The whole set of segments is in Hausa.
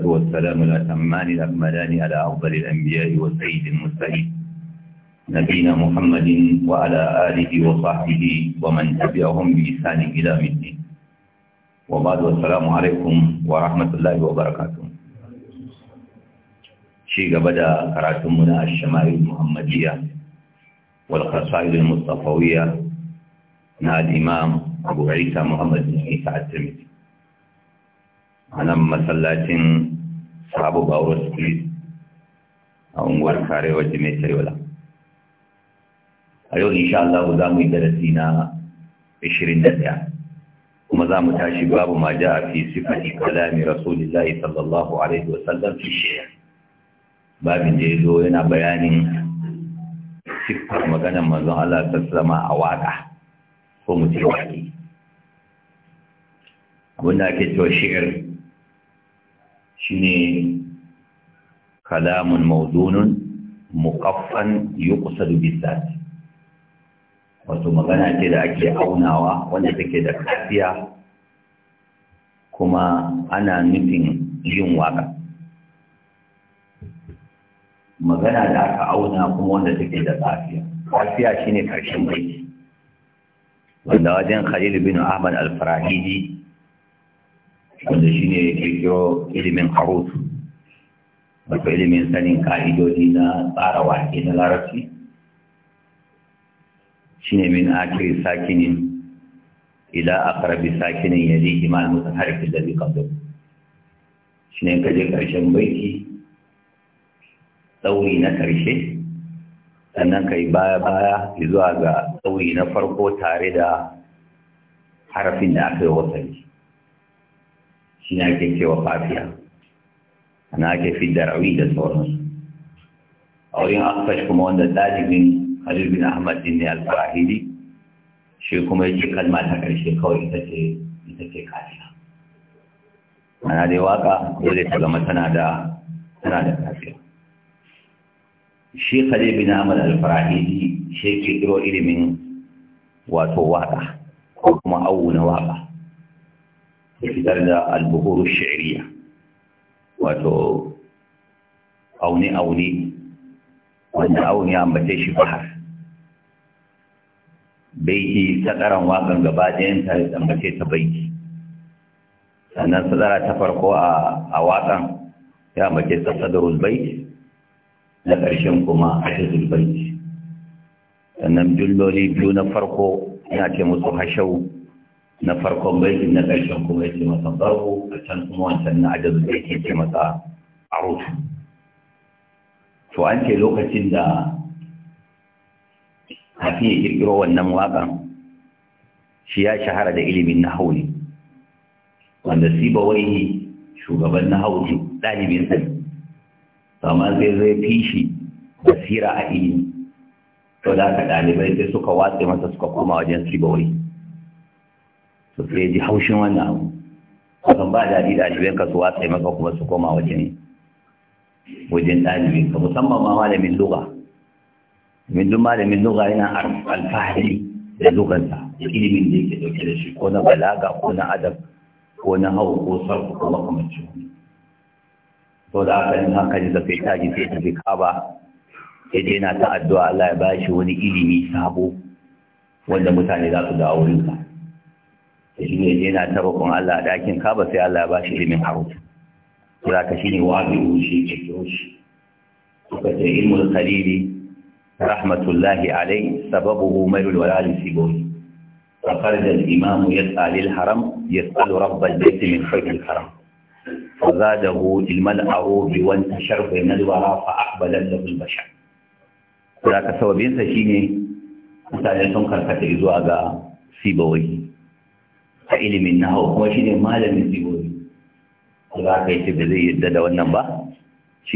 والسلام الأتمان الأكملان على أفضل الأنبياء والسيد المرسلين نبينا محمد وعلى آله وصحبه ومن تبعهم بإحسان إلى الدين وبعد والسلام عليكم ورحمة الله وبركاته شيء بدأ قراتمنا الشمائل المحمدية والقصائد المصطفوية مع الإمام أبو عيسى محمد بن عيسى الترمذي a nan masallacin sabu bawar street a unguwar karewa jimai yola a yau insha Allah za mu yi darasi na 21 kuma za mu tashi babu ma ja a fi sifati kalami rasulillahi sallallahu alaihi wasallam fi shi'a babin da ya zo yana bayanin siffar maganar manzon Allah ta zama a waƙa ko mu ce waƙi abinda ake cewa shi'ir shine kalamun maudunun muƙaffan yuqsadu bisat wato magana ce da ake aunawa wanda take da kafiya kuma ana nufin yin waka magana da aka auna kuma wanda take da kafiya kafiya shine karshen baiti wanda wajen khalil bin ahmad al-farahidi wanda shi ne kirkiro ilimin harutu wato ilimin sanin ka'idodi na tsara wake na larabci shi ne min akiri sakinin ila karbi sakinin yadi iman musa harfi da zika zo shi ne kaje ƙarshen baiki tsauri na ƙarshe sannan ka yi baya-baya zuwa ga tsauri na farko tare da harafin da aka yi wasanci shi ne ake cewa fafiya ana ake fi da da sauransu a wurin asfash kuma wanda ɗalibin khalil bin ahmad din ne alfarahidi shi kuma yake kalma ta ƙarshe kawai ita ce ita ce kafiya ana dai waka dole ta zama tana da tana da kafiya shi khalil bin ahmad alfarahidi shi ke kiro ilimin wato waka ko kuma auna waka ya fitar da albuhuru shi'riya wato aune-aune wanda aune ya ambace shi bahar baiti sadaran waƙar gaba ɗayan ta ya ambace ta baiti sannan sadara ta farko a wakan ya ambace ta sadarul baiti na ƙarshen kuma ashirul baiti sannan julloli biyu na farko ya ce musu hashau na farkon baitin na ƙarshen kuma yake masa barko a can kuma wancan na ajazu da yake ce masa to an ce lokacin da hafi ya kirkiro wannan waƙan shi ya shahara da ilimin na ne wanda siba wai shugaban na ne ɗalibin sani amma zai zai fi shi basira a ilimi to da aka ɗalibai sai suka watse masa suka koma wajen siba wai to sai ji haushin wannan abu kan ba daɗi ɗalibai ka su watsa maka kuma su koma wajen wajen ɗalibai ka musamman ma malamin lugha min duk malamin lugha yana alfahari da lughansa da ilimin da yake dauke da shi ko na balaga ko na adab ko na hau ko sarku ko makamancin wani to da aka yin haka ji zafi ta ji sai ta fi kaba ya je na ta addu'a Allah ya bashi wani ilimi sabo wanda mutane za su dawo wurinsa shi ne yana ta roƙon Allah a ɗakin ba sai Allah ba shi ilimin haruta. Kura ka shi ne wa abin wuce ke Kuka ce ilmul khalili rahmatullahi alai sababu umaru walali sibori. Kafar da imam ya tsali haram ya tsali rabbal da su min fagil haram. Faza da hu ilmal aro bi na dubara fa akbalan da bin bashar. Kura ka sababinsa shi ne mutane sun karkata zuwa ga sibori. ta ilimin hau kuma shi ne malamin sigobi za ka yi da zai yadda da wannan ba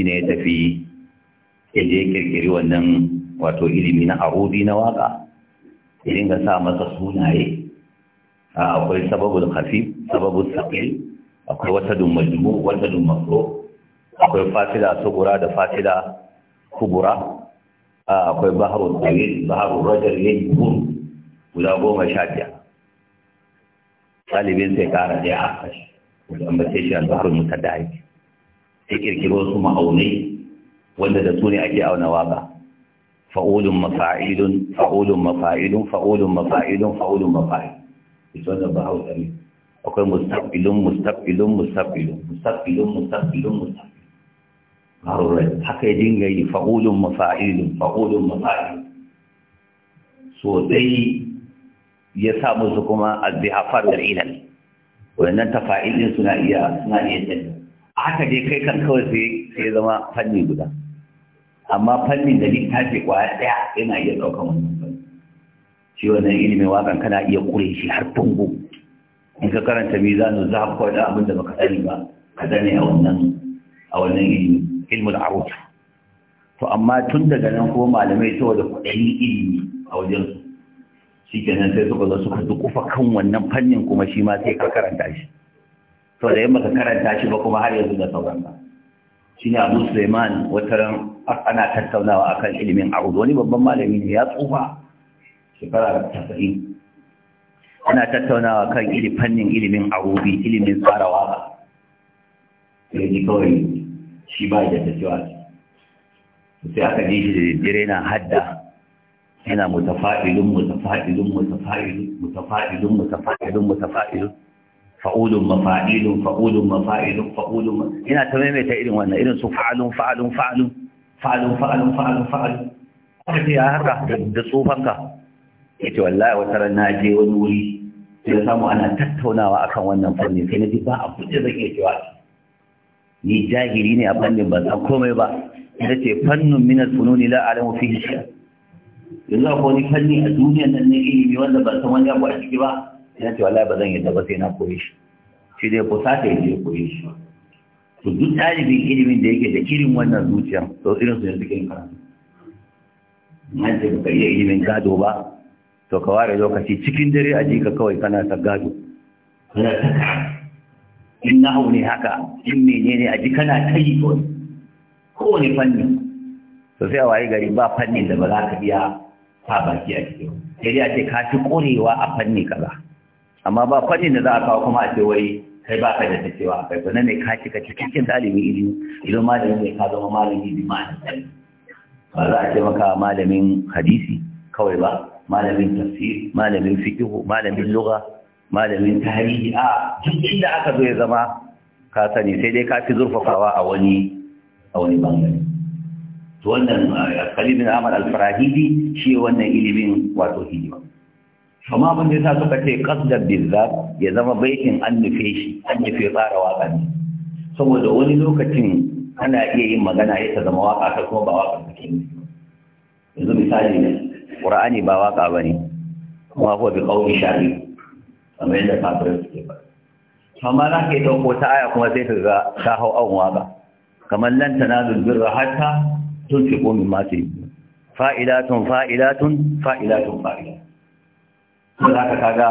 ne ya tafi ya kirkiri wannan wato ilimi na arobi na waka ya dinga sa masa sunaye akwai sababul hafi sababu saqil akwai wata dummajimu wata dun makro akwai fasila sugura da fasila kubura akwai baharun tsaye baharun rajar yayin guda goma sha biyar ɗalibin sai ƙara da ya aka shi wanda ambace shi al-bahrul mutadda'i sai kirkiro su ma'aunai wanda da su ne ake auna ba fa'ulun mafa'ilun fa'ulun mafa'ilun fa'ulun mafa'ilun fa'ulun mafa'ilun ita wannan ba hausa ne akwai mustaqbilun mustaqbilun mustaqbilun mustaqbilun mustaqbilun mustaqbilun harurai haka ya dinga yi fa'ulun mafa'ilun fa'ulun mafa'ilun so dai ya sa musu kuma azbihafar da ilal wannan tafa'ilin suna iya suna iya tafi haka dai kai kan kawai sai sai zama fanni guda amma fannin da littafi kwaya daya yana iya daukan wannan fanni shi wannan ilimin wakan kana iya ƙure shi har tungu in ka karanta mizanu za ko da abin da baka sani ba ka sani a wannan a wannan ilimi ilmul arut to amma tun daga nan ko malamai saboda kudayin ilimi a wajen kenan sai suka zo suka dukufa kan wannan fannin kuma shi ma sai ka karanta shi to da yamma ka karanta shi ba kuma har yanzu da sauran ba shi ne abu suleiman ran ana tattaunawa akan ilimin arud wani babban malami ne ya tsufa shekara tasa'in ana tattaunawa kan ilimin fannin ilimin arubi ilimin tsara waka sai ji kawai shi ba da ta cewa sai aka ji shi da dire na hadda yana mutafa'ilun mutafa'ilun mutafa'ilun mutafa'ilun mutafa'ilun mutafa'ilun fa'ulun mafa'ilun fa'ulun mafa'ilun fa'ulun yana ta maimaita irin wannan irin su fa'alun fa'alun fa'alun fa'alun fa'alun fa'alun fa'alun kuma ce haka da tsofanka ya ce wallahi wata ran na je wani wuri sai samu ana tattaunawa akan wannan fannin sai na ji ba a kuɗi zan iya cewa ni jahili ne a fannin ban san komai ba ita ce fannun minal fununi la alamu fi shi'a yanzu akwai wani fanni a duniyan nan na ilimi wanda ba san wani abu a ciki ba ya ce wallahi ba zan yadda ba sai na koyi shi shi dai kusa ta yi koyi shi to duk talibin ilimin da yake da irin wannan zuciya to irin su ne suke yin karatu an ce ba iya ilimin gado ba to ka ware lokaci cikin dare a jika kawai kana ta gado kana ta in na ne haka in menene a ji kana ta yi Ko kowane fanni to sai a waye gari ba fannin da ba za ka iya sa baki a cikin sai dai a ce ka fi ƙurewa a fanni kaza amma ba fannin da za a kawo kuma a ce wai kai ba ka da ta cewa kai ba ne ka cika cikin ɗalibin ilimi idan malamin ne ka zama malamin ilimi a ba za a ce maka malamin hadisi kawai ba malamin tafsir malamin fiqhu malamin lugha malamin tarihi a duk inda aka zo ya zama ka sani sai dai ka fi zurfafawa a wani a wani bangare wannan eh, Khalid bin Ahmad al-Farahidi shi wannan ilimin wato hidima amma abin da yasa suka ce qasdan bizzat ya zama baitin an nufe shi an nufe tsara waƙa ne saboda wani lokacin ana iya yin magana ya ta zama waƙa ta kuma ba waka take ne yanzu misali ne qur'ani ba waka bane kuma huwa bi qawli shari kamar yadda kafin suke ba amma za ka yi dauko ta aya kuma sai ka ga ta hau an waka kamar lan na birra hatta tunfiqu mimma tuhibbu fa'idatun fa’ilatun fa’ilatun fa’ilatun ko za ka kaga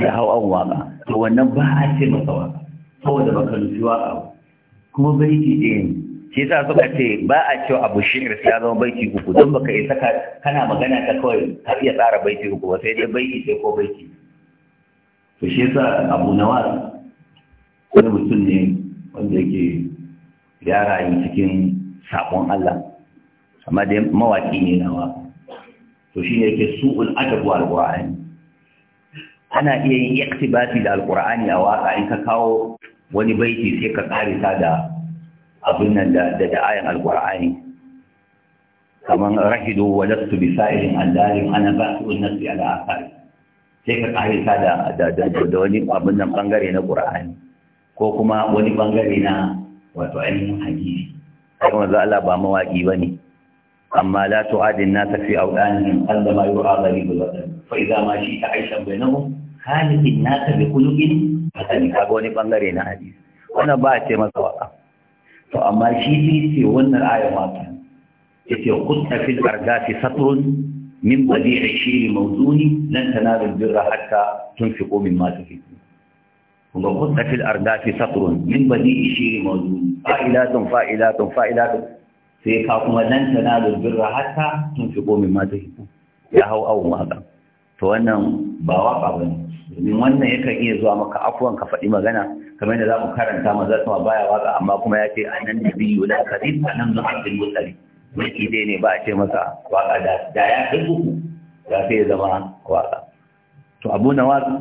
ya hau an waka to wannan ba a ce masa waka da baka nufi waka kuma baiti ɗaya ne ke yasa suka ce ba a cewa abu shi'ir sai ya zama baiti uku don baka yi saka kana magana ta kawai ka iya tsara baiti uku ba sai dai baiti sai ko baiti to shi sa abu na nawar wani mutum ne wanda yake yara yin cikin sakon Allah amma dai mawaki ne nawa to shi ne yake su'ul adabu alqur'ani ana iya yin iktibati da alqur'ani a waka in ka kawo wani baiti sai ka ƙarisa da abin nan da da ayan alqur'ani kaman rahidu wa lastu bi sa'ilin allahin ana ba'tu nafsi ala athari sai ka ƙarisa da da da wani abin nan bangare na qur'ani ko kuma wani bangare na wato ainihin hadisi kuma wanzu Allah ba mawaƙi ba ne? amma la na tafi fi awdanihim alla ma yu'adha bi badan fa idza ma shi ta aisha na tafi nas bi qulubin ka ga wani ɓangare na hadisi wannan ba a ce masa waka to amma shi sai ce wannan ayan waka yace qutta fil ardafi satrun min badi'i shiri mawduni lan tanalu birra hatta tunfiqu masu tufiqu kuma qutta fil ardafi satrun min ba zai badi'i shiri mawduni fa'ilatun fa'ilatun fa'ilatun sai ka kuma nan tana na lulbin rahata tun fi komi mata hiku ya hau awon waka to wannan ba waka ba ne domin wannan yakan iya zuwa maka afuwan ka faɗi magana kamar da za mu karanta maza ma baya waka amma kuma ya ce a nan da biyu da karib a nan zuwa abin mutsari mai dai ne ba a ce masa waka da ya kai uku da sai ya zama waka to abu na waka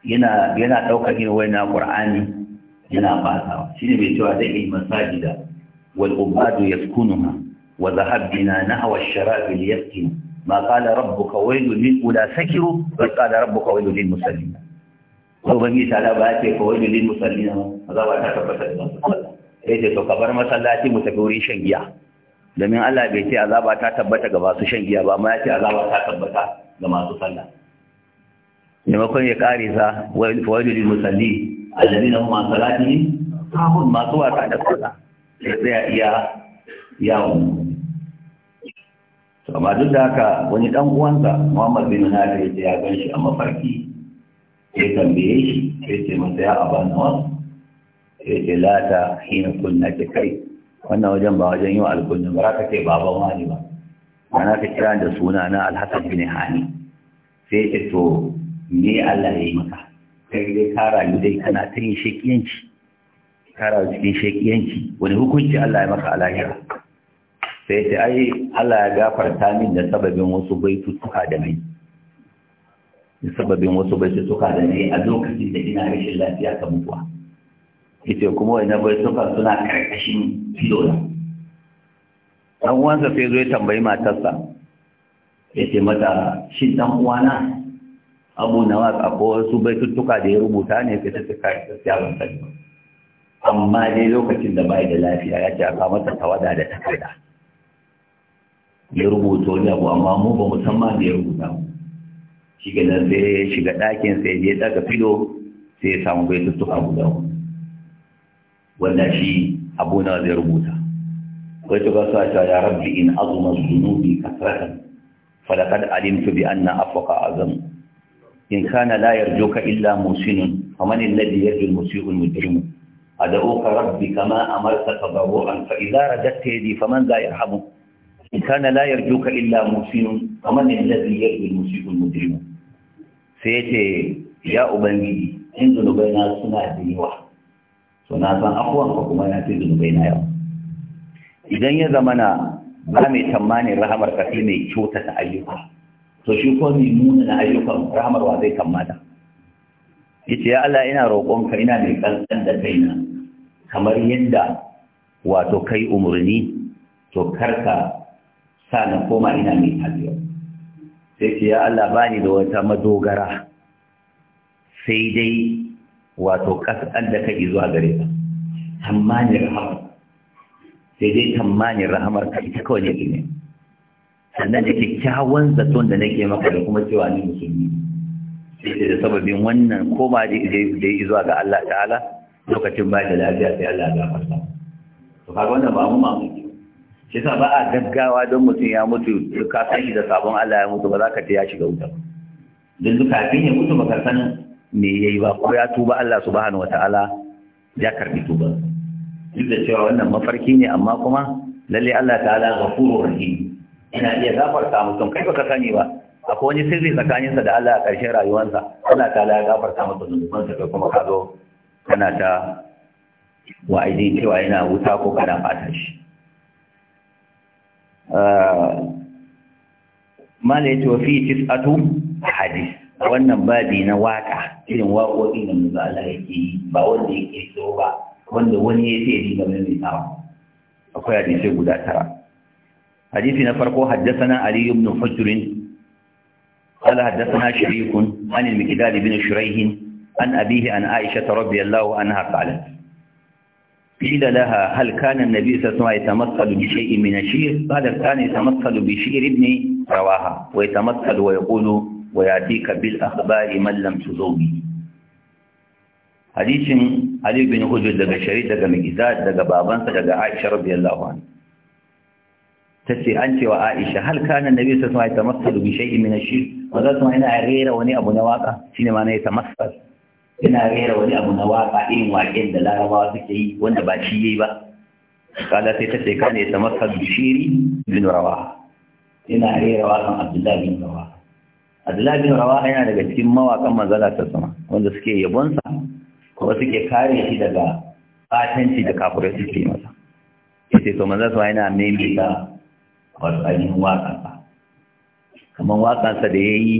yana yana ɗaukar yin wani na ƙur'ani yana shi ne bai cewa da wal'ubadu ya sukunu ubadu yaskunuha wa dhahab na hawa ash-sharab liyaskin ma qala rabu kawai lil kula sakiru wa qala rabbuka kawai lil musallin ko yi ta ba ya ce kawai ko waylun ma za ba ta tabbatar da masu kwallo ya ce to ka bar masallaci mu tafi wurin shan giya domin Allah bai ce azaba ta tabbata ga masu shan giya ba ma ya ce azaba ta tabbata ga masu sallah maimakon ya kare sa waylun lil musallin mu masu an ne kahun masu wasa da sallah sai tsaya iya yawon to amma duk da haka wani dan uwansa Muhammad bin Nafi ya gan shi a mafarki ya tambaye shi ya ce masa ya abana wasu ya ce lata hina kunna ke kai wannan wajen ba wajen yi wa alkunna ba ka ce baban wani ba ana ka kira da suna na alhassan bin hani sai ya ce to me Allah ya yi maka kai dai ka rayu dai kana ta yin shekiyanci ka rayu cikin shekiyanci wani hukunci Allah ya maka alahira sai ta ai Allah ya gafarta min da sababin wasu tuka da mai da sababin wasu tuka da mai a lokacin da ina rashin lafiya ta mutuwa Ita kuma wannan ka suna karkashin filola dan uwansa sai zo ya tambayi matarsa ce mata shin dan uwana abu na waka ko wasu baituttuka da ya rubuta ne ka tafi kai gaskiya ban sani ba amma dai lokacin da bai da lafiya ya ce a kama ta tawada da takarda ya rubuta ne abu amma mu ba musamman da ya rubuta mu shi nan sai ya shiga ɗakin sai ya daga filo sai ya samu bai tuttuka guda wanda shi abu na zai rubuta Wai rabbi ya rabbi in إن أظم الذنوب كثرة alimtu bi anna afaka azamu in kana la yarjuka illa musinun faman alladhi yarju al-musii'u al-mujrimu ad'uka rabbi kama amarta tabarruan fa idza radadta yadi faman za yarhamu in kana la yarjuka illa musinun faman alladhi yarju al-musii'u al-mujrimu sai ce ya ubangiji in zunubaina suna da yawa so na san afuwan ka kuma na fi zunubaina yau. idan ya zamana ba mai tamanin rahamar ka sai mai kyautata ayyuka to shi ko mai nuna na ayyukan ramarwa zai kammata yace ya Allah ina roƙonka ina mai ƙanƙan da kaina kamar yadda wato kai umarni to karka sa na koma ina mai tafiya sai ce ya Allah bani da wata madogara sai dai wato ƙasar da kai zuwa gare ka tammanin rahamar sai dai tammanin rahamar ka ita kawai ne sannan da kyakkyawan zaton da nake maka da kuma cewa ni musulmi sai da sababin wannan koma da ya zuwa ga Allah ta'ala lokacin ba da lafiya sai Allah ya farsa to kaga wannan ba mu mamaki shi yasa ba a gaggawa don mutum ya mutu ka san shi da sabon Allah ya mutu ba za ka ta ya shiga wuta don duka kafin ya mutu ba ka san me yayi ba ko ya tuba Allah subhanahu wataala ya karbi tuba duk da cewa wannan mafarki ne amma kuma lalle Allah ta'ala ghafurur rahim Ina iya gafarta mutum kai baka sani ba akwai wani sirri tsakaninsa da Allah a ƙarshen rayuwarsa Allah ta la gafarta da zunubansa kai kuma ka zo kana ta wa'idi cewa yana wuta ko kana fata shi ah, mala ya ce fi tis'atu hadis wannan babi na waka irin waƙoƙi da mu Allah yake yi ba wanda yake so ba wanda wani ya ce ni game mai tsawa akwai hadisai guda tara حديثنا فرقه حدثنا علي بن حجر قال حدثنا شريك عن المكداد بن شريح عن أبيه عن عائشة رضي الله عنها قالت قيل لها هل كان النبي صلى الله عليه وسلم يتمثل بشيء من الشير قالت كان يتمثل بشير ابن رواها ويتمثل ويقول ويأتيك بالأخبار من لم تزوم حديث علي بن حجر دقى شريك دقى مكداد دقى بابانسة دقى عائشة رضي الله عنها tace an ce wa Aisha hal kana nabi sallallahu alaihi wasallam yatamassalu bi shay'in min ash-shirk wa za su ina rera wani abu na waka shine ma ta yatamassal ina rera wani abu na waka irin waƙen da larabawa suke yi wanda ba shi yayi ba kala sai tace kana yatamassal bi shiri bin rawaha ina rera wakan Abdullah bin Rawaha Abdullah bin Rawaha yana daga cikin mawakan manzala ta sama wanda suke yabonsa ko suke kare shi daga batanci da kafirai suke masa sai to manzala yana maimaita wato ainihin waƙansa kamar waƙansa da ya yi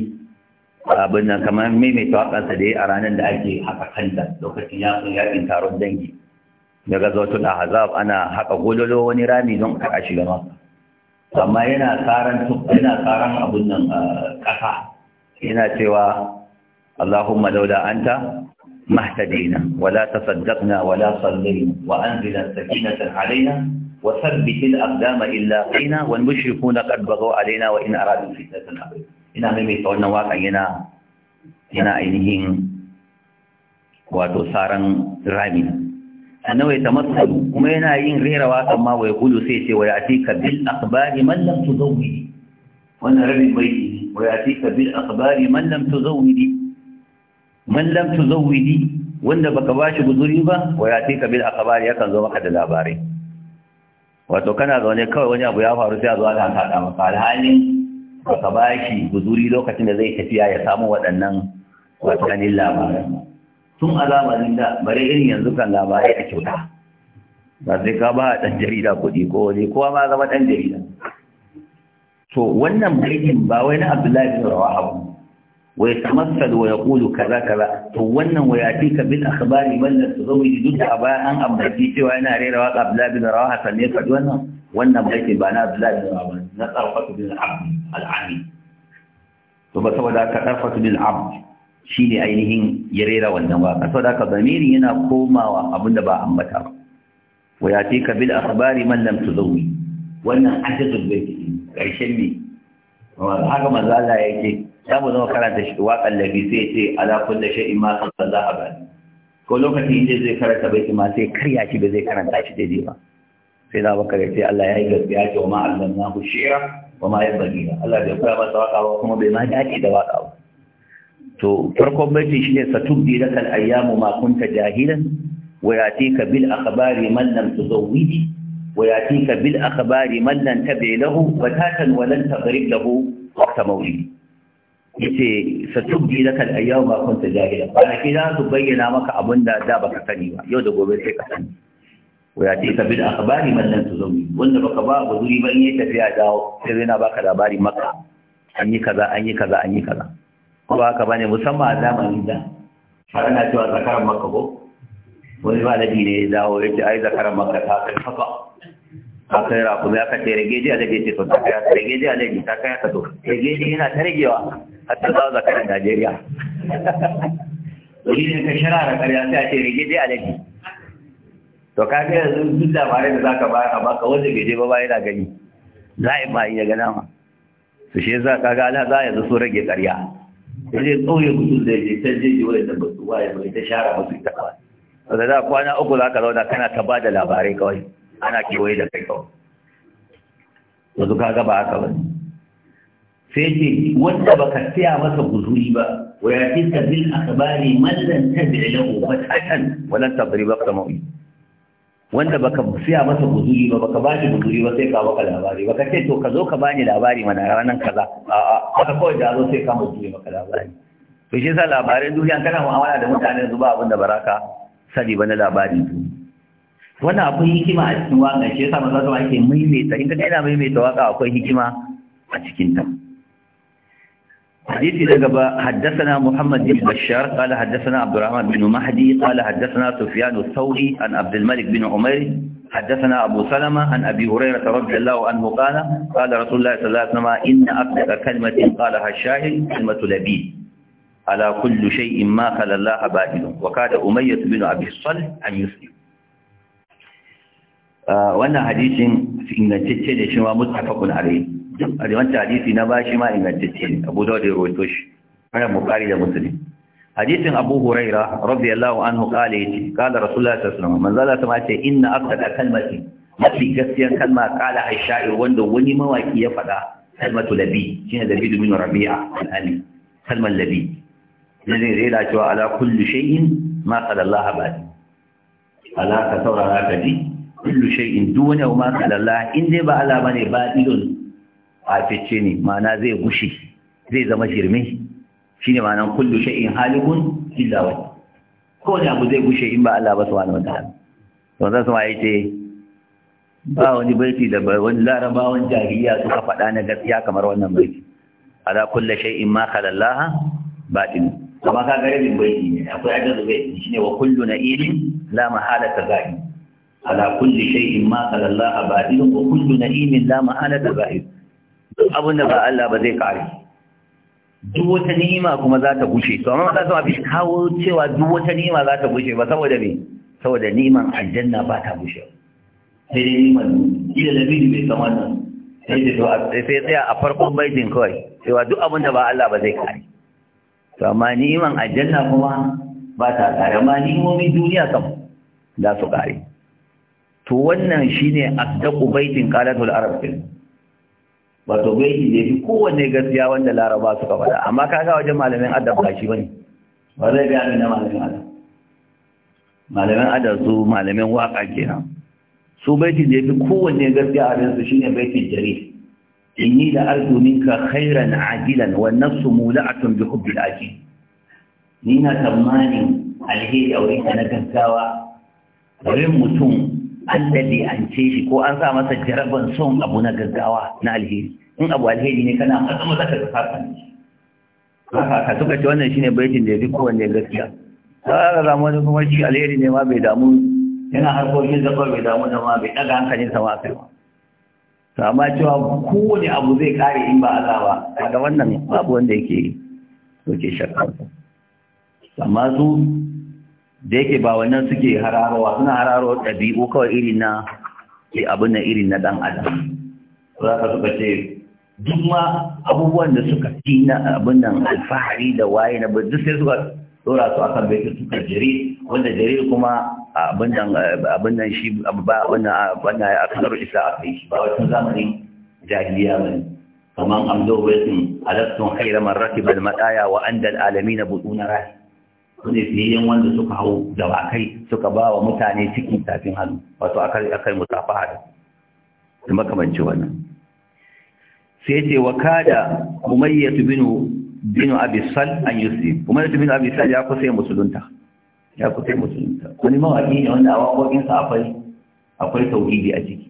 abin nan kamar maimaita waƙansa da ya yi a ranar da ake haka kanta lokacin yakin yakin taron dangi daga da haza ana haka gololo wani rami don kaka shiga maka amma yana tsaran yana tsaran abun nan ƙasa yana cewa Allahumma laula anta mahtadina wala tasaddaqna wala sallaina wa anzila sakinatan alaina وثبت الأقدام إلا قينا والمشركون قد بغوا علينا وإن أرادوا فتنة أبدا ina maimaita wannan waƙan yana yana ainihin wato saran rami annawai ta matsalu kuma yana yin rera waƙan ma wai kulu sai ce wai ati bil akhbari man lam tuzawwidi wannan rabin baiti ne wai ati bil akhbari man lam tuzawwidi man lam tuzawwidi wanda baka bashi guzuri ba wai ati bil akhbari yakan zo maka da labarai wato kana zaune kawai wani abu ya faru sai a zuwa da haɗa maka alhalin ka ba shi guzuri lokacin da zai tafiya ya samu waɗannan ganin labarai tun a zamanin da bare irin yanzu kan labarai a kyauta ba sai ka ba ɗan jarida kuɗi ko wani kowa ma zama ɗan jarida to wannan baitin ba wai na abdullahi bin rawaha ba wa ya tamassal wa ya kulu kaza kaza to wannan wa yafi ka bin akhbari man la tuzawi li dukka ba an ambaci cewa yana rera waka abdullahi bin rawaha sanne fa wannan wannan ba yake ba na abdullahi bin rawaha na tsarfatu bin abd al ami to ba saboda ka tsarfatu bin abd shine ainihin ya rera wannan waka saboda ka zamirin yana komawa abinda ba ambata ba wa yafi ka bin akhbari man lam tuzawi wannan ajazul bayt karshen ne haka manzo Allah yake za mu zama karanta shi waƙan lafi ce ala kulli shay'in ma a zahaba ko lokacin yace zai karanta bai ma sai karya shi ba zai karanta shi daidai ba sai da baka ce Allah ya yi gaskiya ce wa ma ku shi'ra wa ma yabghi Allah bai kura masa waƙa ba kuma bai ma dace da waka ba to farkon baiti shine satubdi lakal ayyamu ma kunta jahilan wa ka bil akhbari man lam ويأتيك بالأخبار من لن تبع له بتاتا ولن تغرب له وقت مولده yace satubbi laka al-ayyam ma kunta jahila kwanaki za su bayyana maka abin da da baka sani ba yau da gobe sai ka sani wa yatika bil akhbari man lam tuzawi wanda baka ba guduri ba ne ya tafiya dawo sai zai yana baka labari maka an yi kaza an yi kaza an yi kaza ko ba haka bane musamman a zamanin da har ana cewa zakaran maka ko wani malami ne ya dawo ya ce ai zakaran maka ta kai haka a kai rakumi aka ce rage ce sun takaya rage ji a ta kaya ta duk rage yana ta ragewa har ta zawo zakarar najeriya wani ne ka da karya sai a ce rage to ka ga yanzu duk labarai da za ka bayar a baka wanda bai je yana gani za a yi ma iya gana za ka ga za a yanzu rage karya zai da ita kwana uku za ka zauna kana ta ba da labarai kawai ana kewaye da kai kawai yanzu ka gaba haka ba sai ce wanda baka siya masa guzuri ba Waya ya ka sabil akabari mallan tabi'i lahu fatatan Wannan tabari ba ta maw'i wanda baka siya masa guzuri ba baka bashi guzuri ba sai ka baka labari baka ce to ka zo ka bani labari mana ranan kaza a'a haka kawai da zo sai ka mu ji maka labari to shi yasa labarin duniya kana mu'amala da mutane zuba abin da baraka sani ba na labari duniya wannan akwai hikima a cikin waka shi yasa maza zuwa ake maimaita in kaga ina maimaita waka akwai hikima a cikin ta حديث لقب حدثنا محمد بن بشار قال حدثنا عبد الرحمن بن مهدي قال حدثنا سفيان الثوري عن عبد الملك بن عمير حدثنا أبو سلمة عن أبي هريرة رضي الله عنه قال قال رسول الله صلى الله عليه وسلم إن أصدق كلمة قالها الشاهد كلمة لبيد على كل شيء ما خلا الله بائد وكاد أمية بن أبي الصلح أن يسلم Ah, wannan hadisin ingantacce ne shi ma mutafakun alai wancan hadisi na ba shi ma ingantacce ne abu da ya rawaito shi ana bukari da musulmi hadisin abu huraira radiyallahu anhu qala yace qala rasulullahi sallallahu alaihi wasallam manzala ta ce inna afdal kalmati mafi gaskiyar kalma qala aisha wanda wani mawaki ya faɗa kalmatu labi Shi shine labidu min rabi'a al-ali kalmar labi zai zai da cewa ala kulli shay'in ma qala Allah ala ka saurara ka ji kullu shay'in duk wani abu ma Allah in dai ba Allah bane ba idon a fice ne ma'ana zai gushi zai zama shirme shine ma'ana kullu shay'in halikun illa wa ko da abu zai gushe in ba Allah ba subhanahu wataala to zan sama yace ba wani baiti da wani larabawan jahiliya suka faɗa na gaskiya kamar wannan baiti ala kullu shay'in ma khala Allah batin amma ka ga rabin baiti ne akwai ajazu baiti shine wa kullu na'ilin la mahala tazaim ala kulli shay'in ma qala Allah ba'idun wa kullu na'imin la ma'ala ba'id duk abin da ba Allah ba zai kare duk wata ni'ima kuma za ta gushe to amma za su abi kawo cewa duk wata ni'ima za ta gushe ba saboda me saboda ni'iman aljanna ba ta gushe sai dai ni'iman ila labidi bai kamar nan sai sai tsaya a farkon baitin kawai cewa duk abin da ba Allah ba zai kare to amma ni'iman aljanna kuma ba ta kare amma ni'imomin duniya kam da su kare to wannan shine asdaqu baitin qalatul arab din wato baiti da fi kowanne gaskiya wanda laraba suka faɗa amma kaga wajen malamin adab ba shi bane ba zai ga ni na malamin adab malamin adab su malamin waka kenan su baitin da fi kowanne gaskiya a su shine baitin jarir inni la arju minka khairan ajilan wa nafsu mula'atun bi hubbil ajil ni na tsammanin alheri a wurinka na gaggawa wurin mutum an ce shi ko an sa masa jaraban son abu na gaggawa na alheri in abu alheri ne kana kasa maza ka fasa haka suka ce wannan shine baitin da ya fi kowanne gaskiya ta ga wani kuma shi alheri ne ma bai damu yana harkokin zakar bai damu da ma bai daga hankalin sama a kai ba amma cewa kowane abu zai kare in ba Allah ba kaga wannan babu wanda yake ke shakka amma su da yake ba wannan suke hararowa suna hararowa ɗabi'u kawai iri na abin na iri na ɗan adam za ka suka ce duk ma abubuwan da suka fi na abin nan alfahari da waye na duk sai suka dora su akan bai suka jiri wanda jiri kuma abin nan abin nan shi ba abin nan abin a kanar isa a kai shi ba wata zamani jahiliya ba ne kamar amdo wesin alaskun khairar marraki bal maɗaya wa andal alamina butuna rahi Wani ne wanda suka hau dawakai suka ba wa mutane cikin tafin hannu wato akai akai musafaha da da makamanci wannan sai ce wa kada umayyah bin binu abisal an yuslim umayyah bin abi sal ya kusa musulunta ya kusa musulunta wani mawaki ne wanda a waƙoƙin sa akwai akwai tauhidi a ciki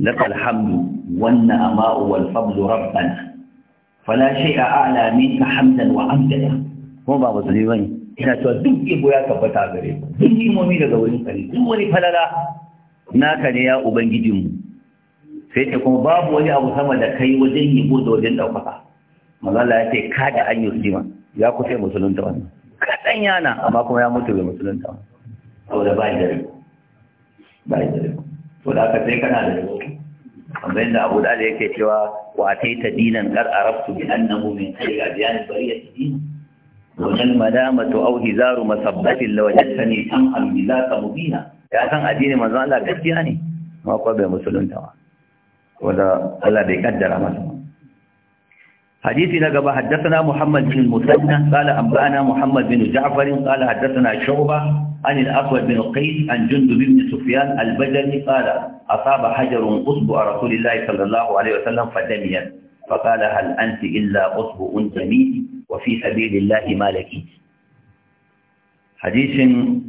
lakal alhamdu wannan ama'u wal fablu rabbana fala a a'la minka hamdan wa amdana kuma ba musulmi bane ina cewa duk ibo ya tabbata gare ku duk imomi daga wurin kare duk wani falala naka ne ya mu sai ta kuma babu wani abu sama da kai wajen yibo da wajen ɗaukaka mazala ya ce kada an yi sima ya kusa musulunta wannan kaɗan yana amma kuma ya mutu ga musulunta wannan saboda ba da riko ba da riko to da aka sai kana da riko kamar yadda abu da yake cewa wa ta dinan kar arabtu bi annahu min khayri adiyan bariyati din wajen madamatu au hizaru masabbatin lawajatta ne an albilaka mubina ya san addini manzo Allah gaskiya ne ma kuwa bai musulunta ba wanda Allah bai kaddara masa حديث نقب حدثنا محمد بن المثنى قال أنبأنا محمد بن جعفر قال حدثنا شعبة عن الأسود بن قيس عن جندب بن سفيان البجلي قال أصاب حجر أصبع رسول الله صلى الله عليه وسلم فدميا فقال هل أنت إلا أصبع دميت wa fi sabilillahi malaki hadisin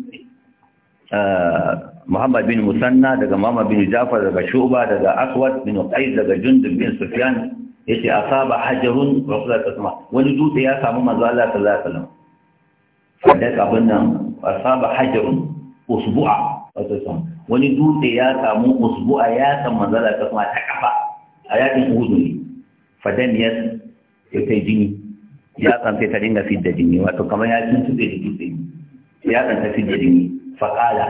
ah, Muhammad bin Musanna daga Muhammad bin Jafar daga Shuba daga Aswad bin Qais daga Jundub bin Sufyan yace asaba hajarun Rasulullah sallallahu wani dutse ya samu manzo Allah sallallahu alaihi wasallam sadaka binnan asaba hajarun usbu'a wani dutse ya samu usbu'a ya san manzo Allah ta kafa a yakin ne fadan ya sai jini ya tsamfe ta dinga fidda jini wato kamar ya cin tuɓe da dutse ya tsamfe da jini faƙala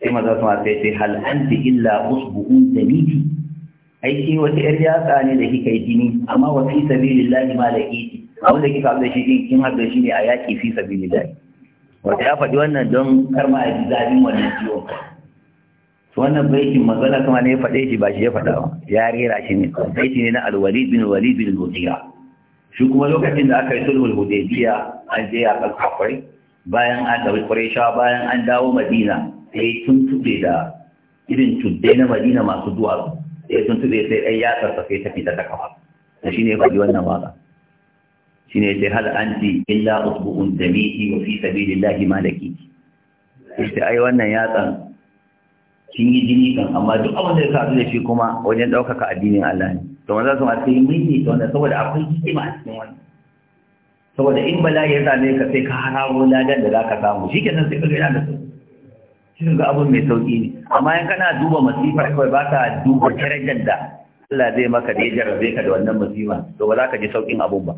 sai maza su masu yace hal anti illa usbu'un da niti aiki wata yar yatsa ne da kika yi jini amma wa fi sabilillahi ma da iti abin da kika abin shi din kin haɗa shi ne a yaƙi fi sabilillahi wata ya faɗi wannan don kar ma a ji zafin wannan ciwon To wannan baitin magana kuma ne ya faɗe shi ba shi ya faɗa ba ya rera shi ne baiti ne na alwalid bin walid bin al shi kuma lokacin da aka yi sulhul hudaybiya an je a kan kafirai bayan an dawo quraisha bayan an dawo madina sai tuntube da irin tuddai na madina masu duwatsu sai tuntube sai ɗan ya sarsafe ta fita ta kafa da shi ne ya faɗi wannan Shi ne sai hal anti illa usbu'un dami'i wa fi sabilillahi malaki sai ai wannan yatsan kin yi jini kan amma duk abin da ya sa da shi kuma wajen ɗaukaka addinin Allah ne da wanda sun ake yi mini da wanda saboda akwai hikima a cikin wannan saboda in bala ya zane ka sai ka harawo ladan da za ka samu shi kenan sai ka gina da so, shi ga abin mai sauki ne amma in kana duba masifar kawai ba ka duba darajar da Allah zai maka da ya jarabe ka da wannan masifa to ba za ka ji saukin abun ba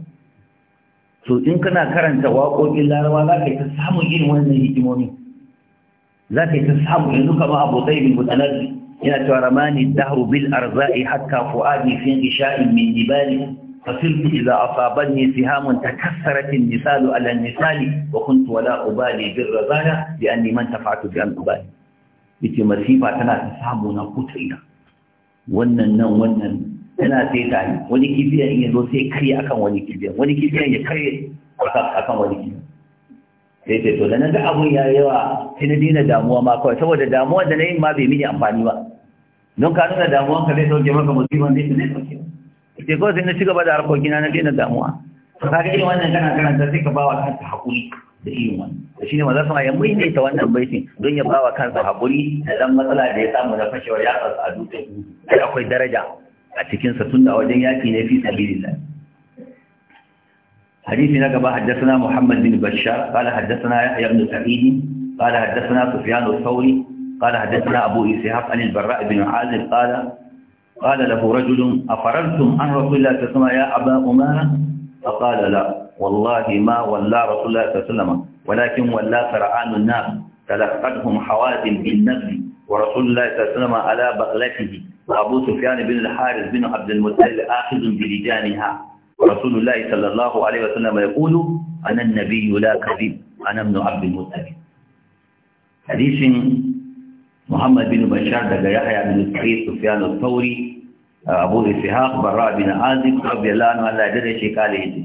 to in kana karanta waƙoƙin larawa za ka yi ta samun irin wannan hikimomi za ka yi ta samun yanzu kama abokai bin mutanen yana cewa ramani dahru bil arza'i hatta fu'adi fi gisha'in min jibali فصرت إذا أصابني سهام تكسرت النسال على النسال وكنت ولا أبالي بالرزايا لأني من تفعت بأن أبالي بيتي مسيفة تنا تسامنا كتيرا wannan nan wannan tana sai ta yi wani kibiyan in yazo sai karya akan wani kibiyan wani kibiyan ya karye akan wani kibiyan sai ce to nan da abun ya yawa sai na daina damuwa ma saboda damuwa da na yin ma bai mini amfani ba don ka nuna ka zai sauke maka musibar zai ne sauke ke kawai sai na ci gaba da harkokina na daina damuwa ka kaga irin wannan kana karanta sai ka bawa kanka haƙuri da irin wannan ma za maza ma ne ta wannan baitin don ya bawa kansa haƙuri da dan matsala da ya samu na fashewar ya tsatsa a dutse sai akwai daraja a cikin sa tunda wajen yaki ne fi sabilillah حديث نقبة حدثنا محمد بن بشار قال حدثنا يحيى بن سعيد قال حدثنا سفيان الثوري قال حدثنا أبو إسحاق عن البراء بن عازب قال قال له رجل أفررتم عن رسول الله صلى الله عليه وسلم يا أبا أمامة فقال لا والله ما ولى رسول الله صلى الله عليه وسلم ولكن ولى فرعان الناس تلقتهم حوادث بالنبي ورسول الله صلى الله عليه وسلم على بغلته وأبو سفيان بن الحارث بن عبد المطلب آخذ بلجانها ورسول الله صلى الله عليه وسلم يقول أنا النبي لا كذب أنا ابن عبد المطلب حديث muhammad bin bashar daga yahya bin sa'id sufyan al-thawri abu ishaq barra bin azib radiyallahu anhu Allah da shi kale yace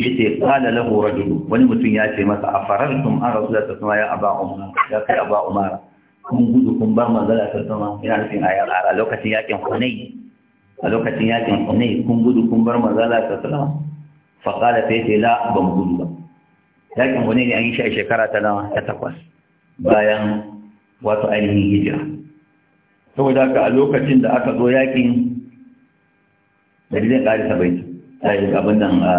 yace qala lahu rajul wani mutum ya ce masa afarartum an rasulullah sallallahu alaihi wasallam ya umar ya kai aba umar kun gudu kun bar manzala sallallahu alaihi wasallam ina nufin a lokacin yakin hunay a lokacin yakin hunay kun gudu kun bar manzala sallallahu alaihi wasallam fa qala fa yace la ban gudu ba yakin hunay ne an yi shi a shekara ta ta takwas bayan wato ainihin hijira saboda haka a lokacin da aka zo yakin da zai ƙari sabai a yi abin nan a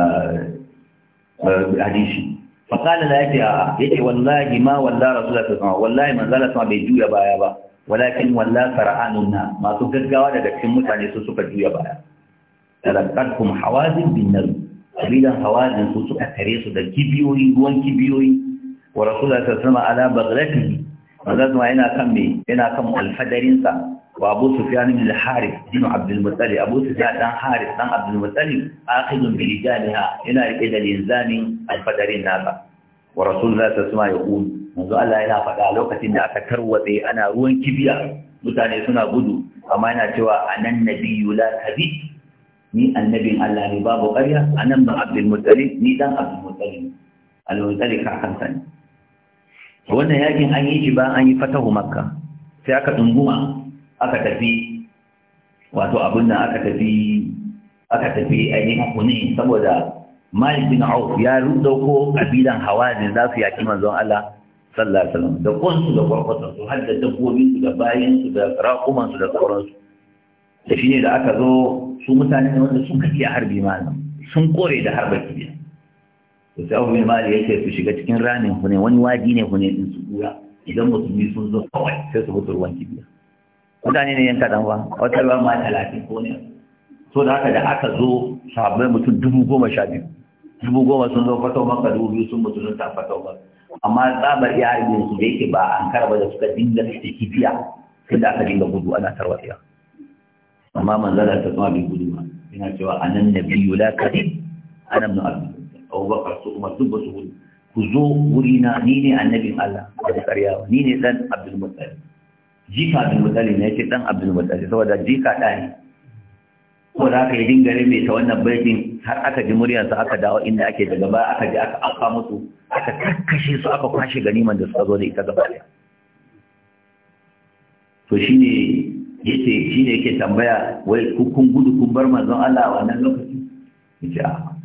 hadishi faƙala da yake a yake wallahi ma walla rasulullah ta sama wallahi manzala sama bai juya baya ba walakin walla sara'anun na masu gaggawa daga cikin mutane su suka juya baya talaqatkum hawazin bin nar kabilan hawazin su suka tare su da kibiyoyi ruwan kibiyoyi wa rasulullah ta sama ala bagratihi mazan ma yana kan me yana kan alfadarinsa. wa Abu Sufyan bin al-Harith bin Abdul Muttalib Abu Sufyan dan Harith dan Abdul Muttalib akhidun bi rijaliha yana rike da linzamin alfadarin nasa wa Rasulullah sallallahu alaihi wasallam manzo Allah yana faɗa lokacin da aka tarwatse ana ruwan kibiya mutane suna gudu amma yana cewa anan nabiyyu la kadhib ni annabin Allah ne babu ƙarya anan ba Abdul Muttalib ni dan Abdul Muttalib al-Muttalib ka kan sani wannan yakin an yi shi ba an yi fatahu makka sai aka tunguma aka tafi wato abin da aka tafi aka tafi ainihin hune saboda malik bin auf ya dauko kabilan hawazin za su yaki manzon Allah sallallahu alaihi wasallam da su da su har da dabbobin su da bayan su da raƙuman su da su da shine da aka zo su mutane ne wanda sun kafi harbi malam sun kore da harbar kibiya to sai Mali ya mali su shiga cikin ramin hune wani waji ne hune in su kura idan musulmi sun zo kawai sai su mutu ruwan kibiya mutane ne yan kaɗan ba wata ruwa ma talatin ko ne so da haka da aka zo sahabbai mutum dubu goma sha biyu dubu goma sun zo fatau maka dubu biyu sun mutu sun ta fatau maka amma tsabar ya harbin su da yake ba an karba da suka dinga su kibiya sai da aka dinga gudu ana tarwaya amma manzala ta kuma bai gudu ba yana cewa anan nabiyyu la kadhib anan ibn abdullah abubakar su umar duk ba su wuri ku zo wurina ni ne annabin Allah da karyawa ni ne dan abdul Muttalib jika abdul Muttalib ne yake dan abdul Muttalib saboda jika da ne ko da ka yi dingare mai ta wannan baitin har aka ji muryarsa aka dawo inda ake daga baya aka ji aka alfa musu aka kakkashe su aka kwashe ganiman da suka zo da ita gaba ɗaya to shine yace shine yake tambaya wai kun gudu kun bar manzon Allah a wannan lokacin yace a'a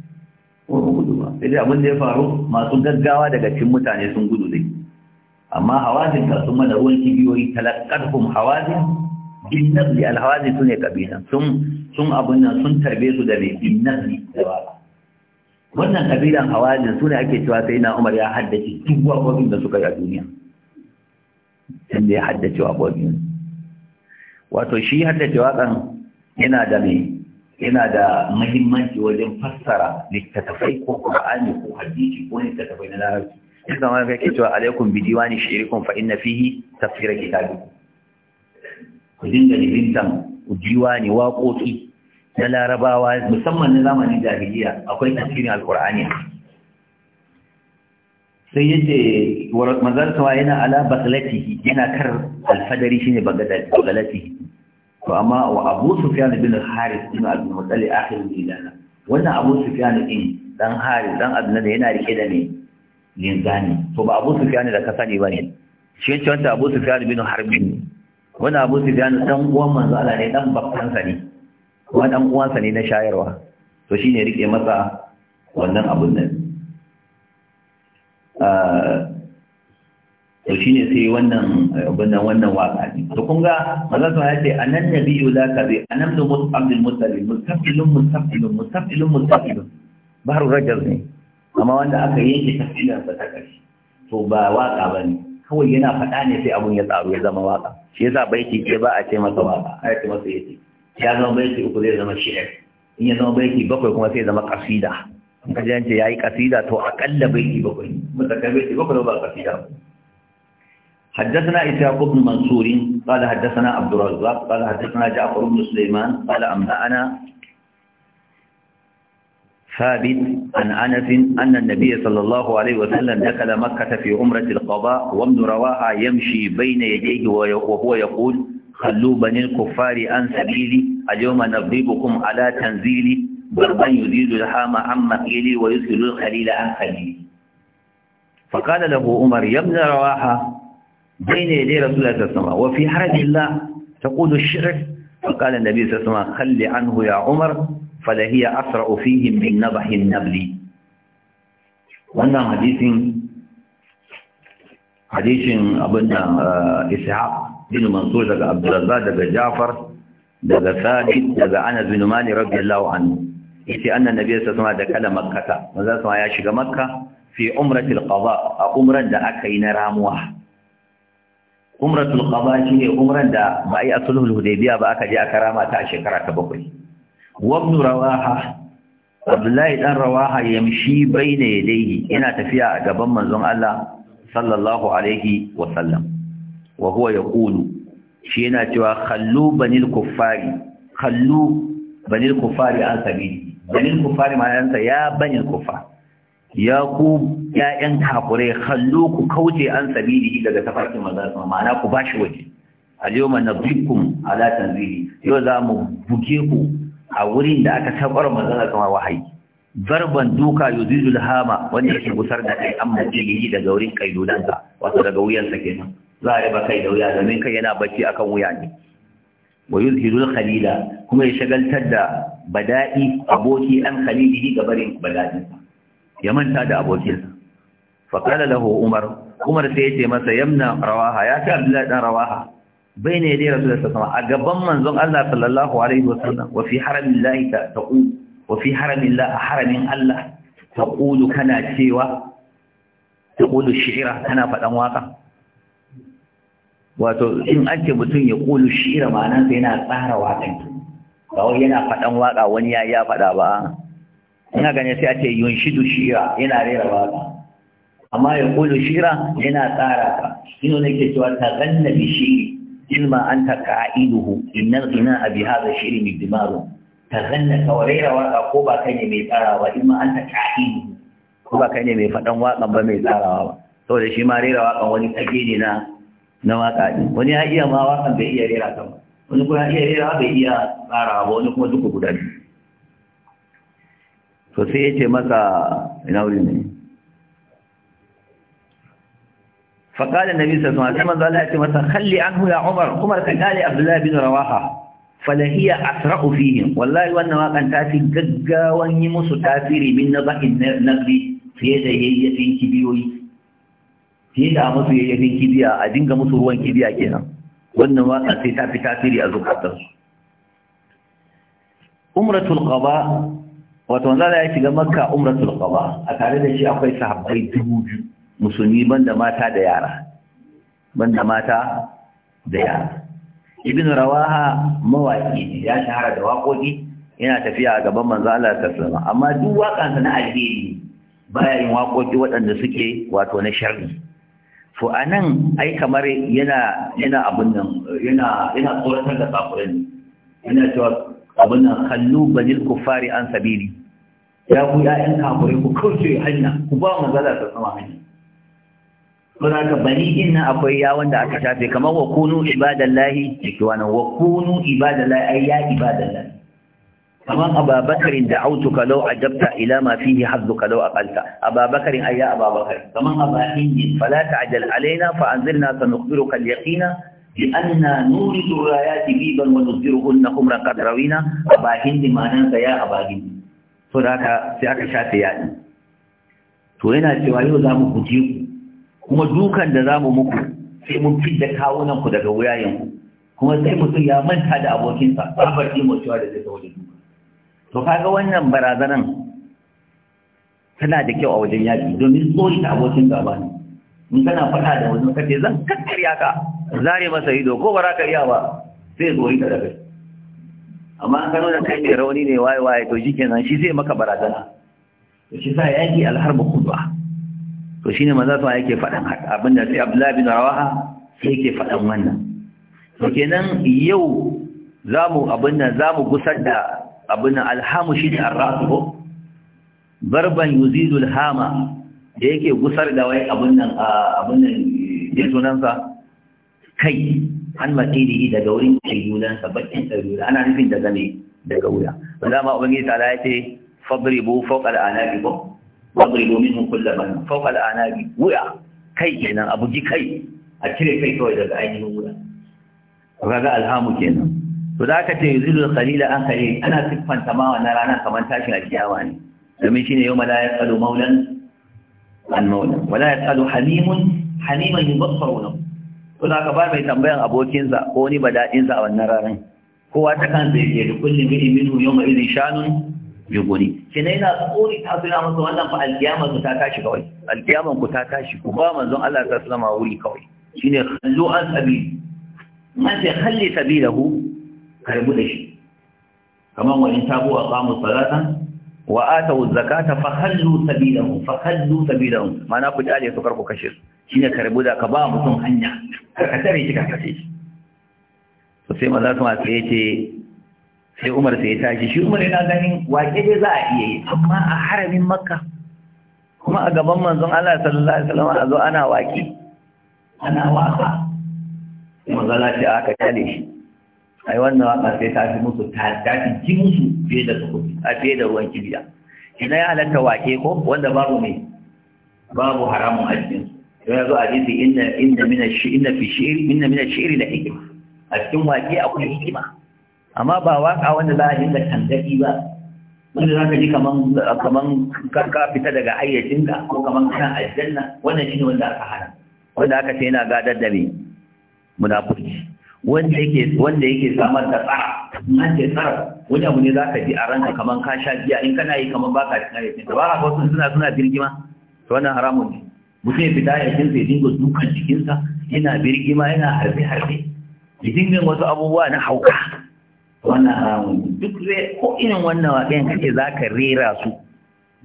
wurin gudu ba sai abin da ya faru masu gaggawa daga cikin mutane sun gudu dai amma hawazin ka sun mana ruwan kibiyoyi talakkarhum hawazin bin nazli al hawazin sune kabila sun sun abin nan sun tarbe su da mai bin nazli da ba wannan kabilan hawazin ne ake cewa sai na Umar ya haddace duk waƙoƙin da suka yi a duniya sai ya haddace waƙoƙin wato shi haddace waƙan yana da mai yana da mahimmanci wajen fassara littattafai ko Qur'ani ko hadisi ko littattafai na larabci in da wanda ke cewa alaikum bi diwani shi'rikum fa inna fihi tafsira kitabikum ku dinga libintan diwani waƙoƙi na larabawa musamman na zamanin jahiliya akwai tafsirin alqur'ani sai yace yana ala baglatihi yana kar alfadari shine baglatihi to amma wa abu sufyan bin haris bin abdul mutalli akhir dana, wannan abu sufyan ɗin ɗan haris dan adnan yana rike da ne linzani to ba abu sufyan da ka sani ne. shi yace wanda abu sufyan bin harbin wannan abu sufyan ɗan uwan manzo Allah ne ɗan babban ne kuma ɗan uwan sa ne na shayarwa to shi ne rike masa wannan abun nan ah, to shine sai wannan wannan wannan waka ne to kun ga a nan ya ce za ka zai a nan da abdul muttalib mutafilin mutafilin mutafilin mustaqilun baru rajul ne amma wanda aka yanke tafilin ba ta kashi to ba waka ba ne. kawai yana faɗa ne sai abun ya tsaro ya zama waka shi zaɓa yake ke ba a ce masa waka a yake masa yake ya zama baiti uku zai zama shi'ar in ya zama baiti bakwai kuma sai zama kasida in ka ji ya yi ƙasida, kasida to aƙalla baiti bakwai mutakabbaiti bakwai ba kasida ba حدثنا إسحاق بن منصور قال حدثنا عبد الرزاق قال حدثنا جعفر بن سليمان قال أنبأنا ثابت عن أنس أن النبي صلى الله عليه وسلم دخل مكة في عمرة القضاء وابن رواحة يمشي بين يديه وهو يقول خلوا بني الكفار عن سبيلي اليوم نضربكم على تنزيلي ضربا يزيل الحام عن مقيلي ويسهل الخليل عن خليلي فقال له عمر يا ابن رواحة بين يدي رسول الله صلى الله عليه وسلم وفي حرج الله تقول الشرك فقال النبي صلى الله عليه وسلم خل عنه يا عمر فلهي أسرع فيهم من نبح النبل وانا حديث حديث أبنا إسحاق بن منصور دقى عبد الرزاق دقى جعفر دقى ثابت دقى أنس بن مالي رضي الله عنه إتي أن النبي صلى الله عليه وسلم دخل مكة وذا سمع يا شيخ مكة في عمرة القضاء عمرة دعك نراموها umratul qada ne umran da ba ai asulul hudaybiya ba aka je aka rama ta a shekara ta bakwai wa ibn rawaha abdullahi dan rawaha yamshi baina yadayhi yana tafiya a gaban manzon Allah sallallahu alaihi wa sallam wa huwa yaqulu shi yana cewa khallu banil kuffari khallu banil kuffari an sabili banil kuffari ma'anarsa ya banil kuffari ya ku ƴaƴan kafurai hallo ku kauce an sabili daga tafarkin mazarsa ma'ana ku ba shi waje al-yawma bikin alatan tanzili yau za mu buge ku a wurin da aka tabar mazarsa ma wahayi zarban duka yuzizul hama wanda yake gusar da kai amma yi daga wurin kailulansa wato daga wuyansa kenan za a riba kai da wuya domin kai yana bacci kan wuya ne wa yuzhirul khalila kuma ya shagaltar da bada'i aboki an khalilihi ga barin bada'insa ya manta da abokinsa faƙala lahu umar umar sai ya ce masa yamna rawaha ya ce abdullahi dan rawaha bai ne dai rasu da sassama a gaban manzon Allah sallallahu alaihi wasallam wa fi haramin lahi ta taƙu wa fi haramin la haramin Allah taƙulu kana cewa taƙulu shi'ira kana faɗan waƙa wato in an ce mutum ya ƙulu shi'ira ma'anarsa yana tsara waƙan ba wai yana faɗan waƙa wani ya ya faɗa ba ina gane sai a ce yunshidu shira yana rera waka amma ya kulu shira yana tsara ka ino nake cewa ta ganna bi shi in ma ta ka'iduhu inna ina abi hadha shiri mai dimaru ta ganna ka rera waka ko ba kai ne mai tsarawa in ma ta qa'iduhu ko ba kai ne mai fadan wakan ba mai tsarawa ba saboda shi ma rera wakan wani kage ne na na waka ne wani ya iya ma wakan bai iya rera ta ba wani kuma ya iya rera bai iya tsarawa ba wani kuma duka guda biyu to sai ya ce masa ina wuri ne faƙaɗa na bisa suna sai manzo Allah ya ce masa kalli an huya umar umar ka kale abdullahi bin rawaha falahiya asra'u fihim wallahi wannan waƙan ta fi gaggawan yi musu tasiri min na ba'in nabi fiye da yayyafin kibiyoyi fiye da musu yayyafin kibiya a dinga musu ruwan kibiya kenan wannan waƙan sai ta fi tasiri a zukatansu umratul qaba wato wanzan ya shiga makka umratul qada a tare da shi akwai sahabbai dubu biyu musulmi banda mata da yara banda mata da yara ibn rawaha mawaki ya shahara da waƙoƙi yana tafiya a gaban manzo Allah sallallahu alaihi amma duk waƙansa na alheri baya yin waƙoƙi waɗanda suke wato na sharri to anan ai kamar yana yana abun nan yana yana tsoratar da kafirin yana cewa abin nan kallu banil kuffari an sabili ya ku ya'yan kafirai ku kauce hanya ku ba magana ta sama hanya Kuna ka bani inna akwai ya wanda aka shafe kamar wa kunu ibadallahi ikwana wa kunu ibadallahi ay ya ibadallahi kamar ababakarin da Autu autuka law ajabta ila ma fihi hazzuka law aqalta ababakarin ay ya ababakar kamar abahin fala ta'jal alaina fa anzilna sanukhbiruka al-yaqina لأننا نورث الرايات بيبا ونصدرهن خمرا قد روينا أبا هند معناها يا ya هند ko da aka sai aka shafe yaɗi to yana cewa yau za mu guje ku kuma dukan da za mu muku sai mun fi da kawunan ku daga wuyayen ku kuma sai mutum ya manta da abokinsa babar imo cewa da zai zo duka to kaga wannan barazanan tana da kyau a wajen yaƙi domin tsori ta abokin gaba ne in kana faɗa da wajen kace zan kakkarya ka zare masa ido ko ba za ka iya ba sai tsori ta da kai amma an kano da kai mai rauni ne waye waye to shi kenan shi zai maka barazana to shi sa yaki alharba kudwa to shine maza to yake faɗan haka abinda sai Abdullahi bin Rawaha sai yake faɗan wannan to kenan yau zamu abinda zamu gusar da abin alhamu shi da arrafu barban yuzidul hama da yake gusar da wai abin nan ya sunansa kai an matilihi daga wurin ƙailulansa bakin ƙailula ana nufin daga ne daga wuya wanda ma ubangiji ta ya ce fabribu fawqa al'anabi ko fabribu minhum kull man fawqa al'anabi wuya kai kenan abu ji kai a cire kai kawai daga ainihin wuya kaga alhamu kenan to da aka ce yuzilul khalila an khalil ana siffanta ma wannan rana kamar tashin alkiyama ne domin shine mala la yasalu maulan an maulan wala yasalu hamimun hamiman yubassaru to ka ba mai tambayan abokinsa ko wani daɗinsa a wannan ranar kowa ta kan zai je da kullum gidi minu yau mai izin shanun ya goni shi ne yana tsori ta suna masa wannan fa alkiyamar ku ta tashi kawai alkiyamar ku ta tashi ku ba manzon Allah ta sallama wuri kawai shine khallu an sabi man sai khalli sabilahu karbu da shi kamar wani tabu wa qamu salatan wa atawu zakata fa hallu sabilahu fa hallu sabilahu mana ku dale su karku kashe su shine karbu da ka ba mutum hanya ka tare shi ka kashe shi to sai maza su sai yace sai Umar sai ya tashi shi Umar yana ganin wace dai za a iya yi amma a haramin Makka kuma a gaban manzon Allah sallallahu alaihi wasallam a zo ana waki ana waka manzon Allah aka tale shi ai wannan waka sai ta fi musu ta fi ji musu fiye da sukuni a fiye da ruwan kibiya idan ya halatta wake ko wanda babu mai babu haramun a cikin don yanzu a jisi inda inda mina shi inda fi shiri inda mina shiri da hikima a cikin wake akwai hikima amma ba waka wanda za a dinga tangadi ba wanda za ka ji kaman kaman ka fita daga ayyacinka ko kaman kana aljanna wannan shi ne wanda aka hana wanda aka ce yana gadar da me munafurci wanda yake wanda yake samar da tsara an ce tsara wani abu ne za ka ji a ranka kamar ka sha biya in kana yi kamar baka cikin ayyukan ta ba ka sun suna suna birgima to wannan haramun ne mutum ya fita hayyacin ya dinga dukan jikinsa yana birgima yana harbe harbe ya dinga wasu abubuwa na hauka wannan haramun ne duk zai ko irin wannan waƙen kake za ka rera su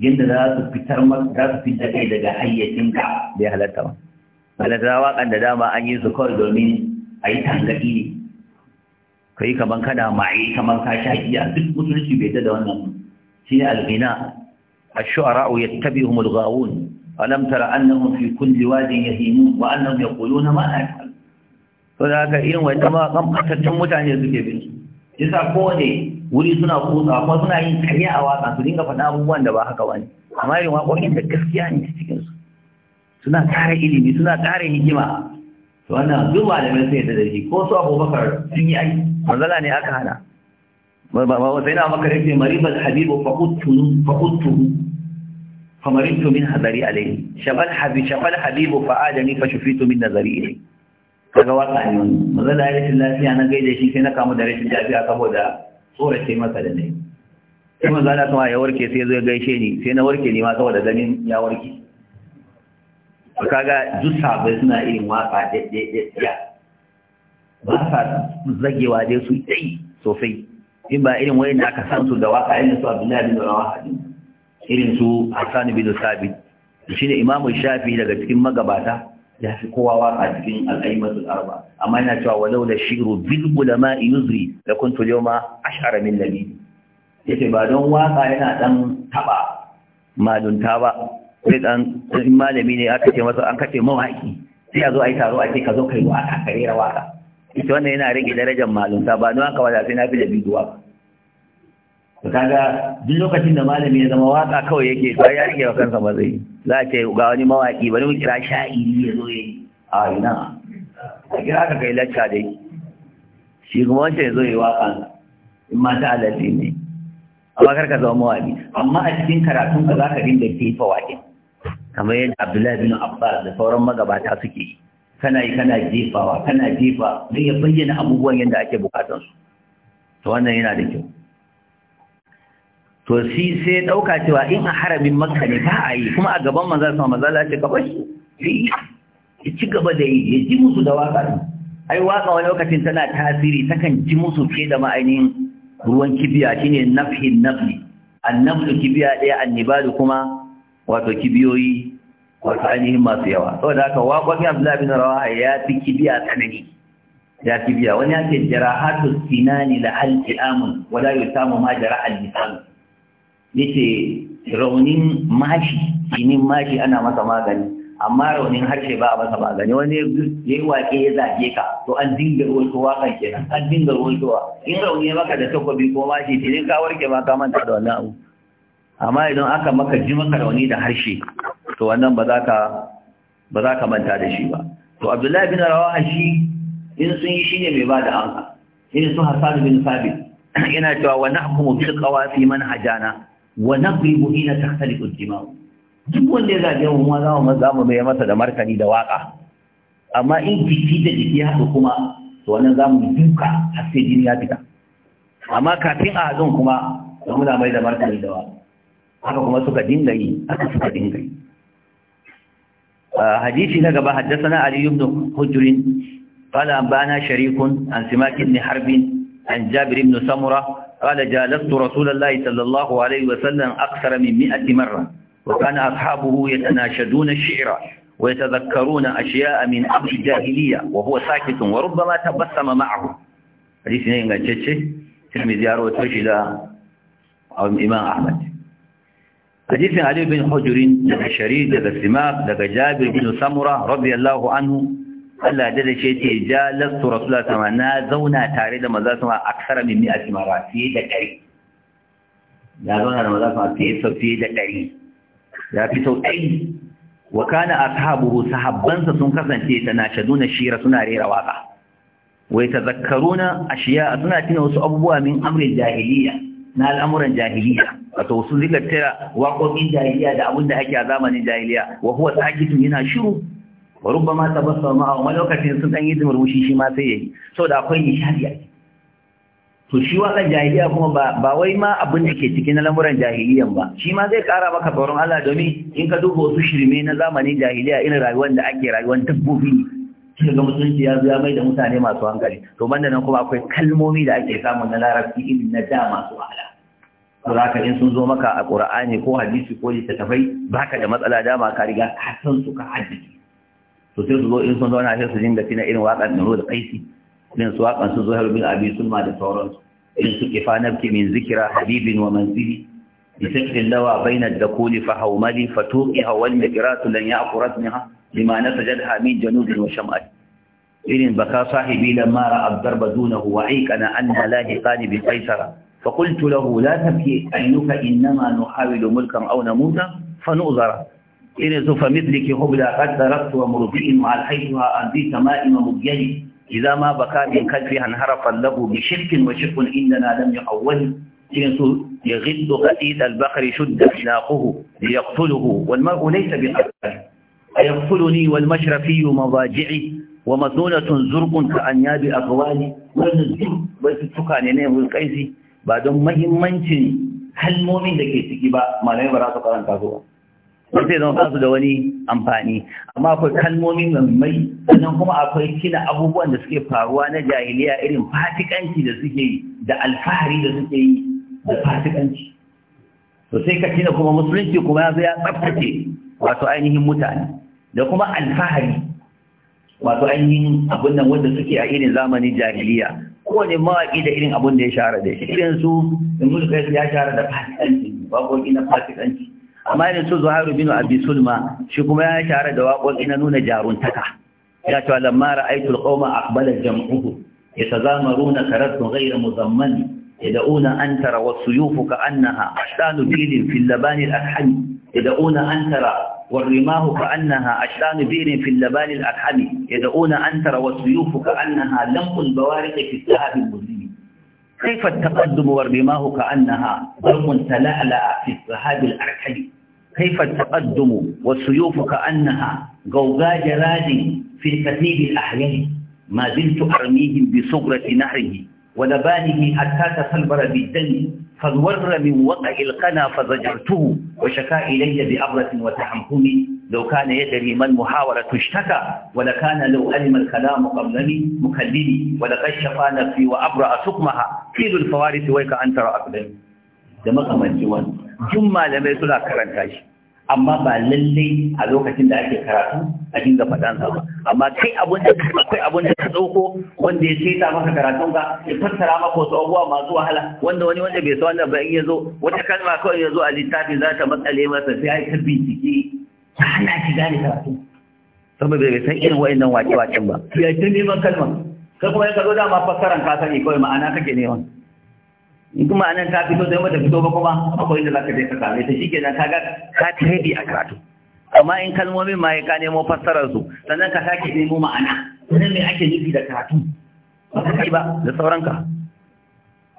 yadda za su fitar za su fitar kai daga hayyacinka bai halatta ba halatta waƙan da dama an yi su kawai domin a yi tangaɗi ne ka yi kaman kana maye kaman ka sha giya duk musulunci bai da wannan shi ne alghina الشعراء يتبعهم الغاوون ألم تر أنهم في كل واد يهيمون وأنهم يقولون ما نفعل فذاك إن وإنما kan أتتم mutane suke bin su. yasa kowane wuri suna kusa kuma suna yin karya a waka su dinga faɗa abubuwan da ba haka ba ne amma irin waƙoƙin da gaskiya ne cikin su suna ƙara ilimi suna ƙara hikima to wannan duk malamai sun da shi ko su abubakar sun yi aiki manzala ne aka hana ba ba sai na maka yake maribal habibu faquttu faquttu فمرضت من هذري عليه شفى الحبيب fa الحبيب fa shufitu min نظري kaga waka ne wani maza da rashin lafiya na gaida shi sai na kamu da rashin lafiya saboda tsorace masa da ne sai maza da kuma ya warke sai ya gaishe ni sai na warke ni ma saboda ganin ya warke baka kaga duk sabai suna irin waka daidaiya ba sa zagewa dai su dai sosai in ba irin wani da aka san su da waka irin su Abdullahi bin hadin irin su Hassan bin shi shine imamu Shafi daga cikin magabata ya fi kowa waka cikin al'aimatu arba amma yana cewa walau da shiru bil ulama yuzri da kuntu yawma ashara min nabi yace ba don waka yana dan taba malunta ba sai dan in malami ne aka ce masa an kace mawaki sai a zo a yi taro a ce ka zo kai waka ka rera waka ita wannan yana rage darajar malunta ba don haka wada sai na fi da biduwa to kaga duk lokacin da malami ya zama waka kawai yake to ya rage wa kansa yi za a ce ga wani mawaki bari mu kira sha'iri ya zo yi a ina a kira ka kai lacca dai shi kuma wancan ya zo yi waka in ma ta alazi ne amma kar ka zama mawaki amma a cikin karatun ka za ka rinda kefa waƙin kamar yadda abdullahi bin abbas da sauran magabata suke yi kana yi kana jefawa kana jefa don ya bayyana abubuwan yadda ake su. to wannan yana da kyau to shi sai ɗauka cewa in a haramin makka ne ba a yi kuma a gaban maza sama maza Allah ce gaba shi ya ci gaba da yi ya ji musu da waka ai waka wani lokacin tana tasiri takan ji musu ke da ma'ainihin ruwan kibiya shine nafhin nafli annablu kibiya ɗaya annibalu kuma wato kibiyoyi wato ainihin masu yawa saboda haka waƙoƙin abdullahi bin rawaha ya fi kibiya tsanani ya kibiya wani ake hatu sinani la al-amun wala samu ma jara al-lisan yace raunin mashi sinin mashi ana masa magani amma raunin harshe ba a masa magani wani ya yi waƙe ya zage ka to an dinga ruwaito waƙan kenan an dinga towa. in rauni ya maka da takwabi ko mashi tilin ka warke ma ka manta da wannan abu amma idan aka maka ji maka rauni da harshe to wannan ba za ka ba za ka manta da shi ba to abdullahi bin rawaha shi in sun yi shine mai bada anka in su hasan bin sabit yana cewa wa nahkumu bil qawafi man hajana wa naqribu ila tahtaliqu al jima'a. duk wanda ya zage mu za mu za mu mai masa da markani da waka amma in jiki da jiki haɗu kuma to wannan za mu duka har sai jini ya fita amma kafin a haɗin kuma za mu da mai da markani da waka haka kuma suka dinga yi haka suka dinga yi hadisi na gaba haddasa ali ibn hujr qala anbana sharikun an simak ibn an jabir ibn samura qala jalastu rasulullahi sallallahu alaihi wasallam akthara min 100 marra wa kana ashabuhu yatanashaduna ash-shi'ra ويتذكرون أشياء من أمر الجاهلية وهو ساكت وربما تبسم معه حديث نين قال تشي تلمي زيارة وتوشي إلى الإمام Ahmad. hadisin Ali bin Hujurin daga Shari daga Simak daga Jabir bin Samura radiyallahu anhu Allah da da shi ce jalastu rasulullah sama na zauna tare da maza sama aksara min mi'ati mara fiye da ɗari ya zauna da maza sama fiye sau fiye da ɗari ya fi sau ɗari wa kana ashabuhu sahabbansa sun kasance tanashaduna shira suna rera waka wa yatazakkaruna ashiya suna tuna wasu abubuwa min amrin jahiliya na al'amuran jahiliya wato sun zika tara waƙoƙin jahiliya da abin da ake a zamanin jahiliya wa huwa sakitun yana shiru wa rubbama ma a wani lokacin sun ɗan yi murmushi shi ma sai ya yi. Sau da akwai nishadi a to shi waƙar jahiliya kuma ba wai ma abin da ke cikin lamuran jahiliyan ba shi ma zai ƙara maka tsoron Allah domin in ka duba wasu shirme na zamanin jahiliya irin rayuwar da ake rayuwar dabbobi sai ga musulunci ya zuya mai da mutane masu hankali to banda nan kuma akwai kalmomi da ake samun na larabci irin na da masu wahala za zaka in sun zo maka a qur'ani ko hadisi ko littattafai baka da matsala dama ka riga ka san su ka haddace to sai su zo in sun zo na sai su dinga tina irin waƙan nuru da kaisi irin su waƙan su zuhar bin abi sulma da sauransu irin su kifa nafki min zikira habibin wa manzili بفتح اللوى بين الدخول فهوملي فتوقها والمقرات لن يأخرت منها لما نسجدها من جنوب وشمال إذن بكى صاحبي لما رأى الضرب دونه وعيقنا أن لاهقان بقيصر فقلت له لا تبكي عينك إنما نحاول ملكا أو نموت فنؤذر إن سوف مثلك هبلا قد درست ومرضئ وألحيتها أن ذي تمائم مبيني إذا ما بكى من كلفها انهرف له بشرك وشرك إننا لم يحول irin su ya giddu hadid al-bakari shudda ilaquhu liyaqtuluhu wal mar'u laysa bi ayaqtuluni wal mashrafi mabaji'i wa madunatun zurqun ka anyabi aqwali wannan duk bai tuka ne ne wulqaisi ba don mahimmancin kalmomin da ke ciki ba malamai karanta zama kansu da wani amfani amma akwai kalmomi mai sannan kuma akwai kina abubuwan da suke faruwa na jahiliya irin fatikanci da suke yi da alfahari da suke yi da fasikanci to sai ka tina kuma musulunci kuma ya zo ya tsaftace wato ainihin mutane da kuma alfahari wato ainihin abin nan wanda suke a irin zamani jahiliya kowane mawaƙi da irin abin da ya shahara da shi irin su in mulka ya shahara da fasikanci waƙoƙi na fasikanci amma irin su zuhairu bin abi sulma shi kuma ya shahara da waƙoƙi na nuna jaruntaka ya ce lamma ra'aytul qawma aqbala jam'uhu yatazamaruna karatun ghayra muzammani يدعون أن ترى والسيوف كأنها أشتان بير في اللبان الأكحم يدعون أن ترى والرماه كأنها أشتان بير في اللبان الأكحم يدعون أن ترى والسيوف كأنها لمق البوارق في الذهب المزين كيف التقدم والرماه كأنها ضرب تلعلع في الذهب الأكحم كيف التقدم والسيوف كأنها غوغاج راد في الكثيب الأحيان ما زلت أرميهم بصغرة نحره ولبانه حتى تفلبر بالدم فالور من وقع القنا فزجرته وشكا إلي بأبرة وتحمكم لو كان يدري من محاورة اشتكى ولكان لو ألم الكلام قبلني مكلمي ولقد شفى نفسي وأبرأ سقمها كيل الفوارث ويك أن ترى أقدمي da makamancin wani jin malamai suna karanta shi amma ba lalle a lokacin da ake karatu a dinga faɗan sa ba amma kai abun da akwai abun da ka dauko wanda ya ta maka karatun ka ya fassara maka wasu abubuwa masu wahala wanda wani wanda bai so wannan ba in zo wata kalma kawai ya zo a littafi za ta matsale masa sai ai ta bincike ana hana shi gane karatu saboda bai san irin wa'annan wake waƙen ba ya ta neman kalma kai kuma ka zo dama fassaran ka sani kawai ma'ana kake neman in kuma anan ta fito sai mata fito ba kuma akwai inda zaka je ka same ta shikenan kaga ka tabi a karatu amma in kalmomin ma ya ka nemo fassarar su sannan ka sake nemo ma'ana sannan me ake nufi da karatu ba ka kai ba da sauranka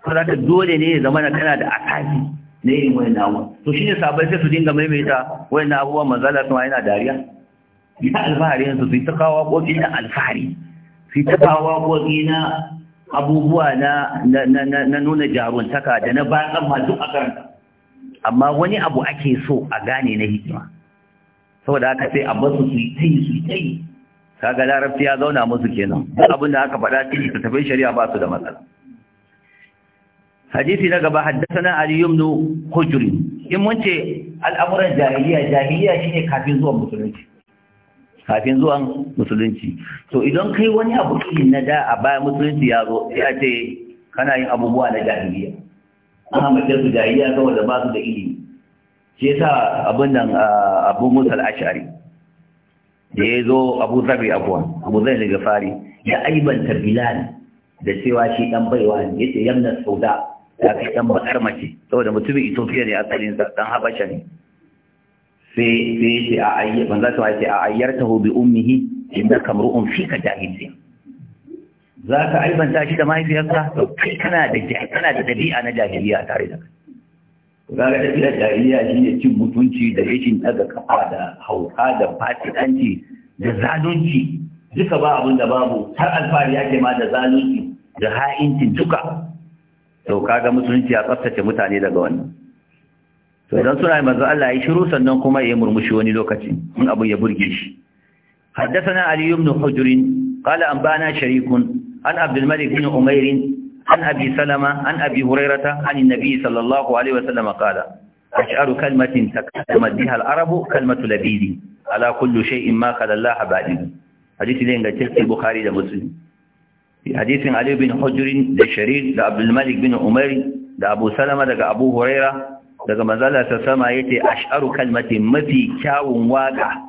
saboda ka dole ne ya zama na kana da akali na irin wani nawa to ne sabai sai su dinga maimaita wani abubuwan manzala kuma yana dariya ita alfahari yanzu su yi ta kawo kofi na alfahari su yi ta kawo kofi na abubuwa na na nuna jaruntaka da na bayan ma duk a karanta amma wani abu ake so a gane na hikima saboda aka sai a basu su yi tayi su yi kaga larabci ya zauna musu kenan abin da aka faɗa cikin littattafai shari'a ba su da matsala hadisi na gaba haddasana ali ibn hujr in mun ce al'amuran jahiliya jahiliya shine kafin zuwa musulunci kafin zuwan musulunci to idan kai wani abu kiri na da a bayan musulunci ya zo ya ce kana yin abubuwa na jahiliya ana mace su jahiliya saboda ba su da ilimi shi yasa abin nan abu musal ashari da ya zo abu zabi abuwa abu zai daga fari ya aibanta bilal da cewa shi dan baiwa ne yace yamna sauda ya kai dan bakar mace saboda mutumin Itofiya ne asalin sa dan habasha ne sai sai ce a ayyar banza ta ce a ayyarta hu bi ummihi inda kamru'un fi ka jahilci za ka aibanta shi da mahaifiyarsa to kai kana da kana da dabi'a na jahiliya tare da kai ga ga dabi'a jahiliya shine cin mutunci da rashin daga kafa da hauka da fatidanci da zalunci duka ba abin da babu har alfahari yake ma da zalunci da ha'inci duka to kaga mutunci ya tsaftace mutane daga wannan to idan suna yi manzo Allah ya shiru sannan kuma ya murmushi wani lokaci Mun abu ya burge shi haddathana ali ibn hujr qala anbana sharik an abdul malik ibn an abi salama an abi hurairata an annabi sallallahu alaihi wasallam qala ash'aru kalmatin takalama biha al-arab kalmatu labidi ala kulli shay'in ma qala Allah ba'di hadithi ne ga cikin bukhari da muslim hadithin ali ibn hujr da sharik da abdul malik umair da abu salama daga abu hurairah daga manzala ta sama yace ash'aru kalmati mafi kyawun waka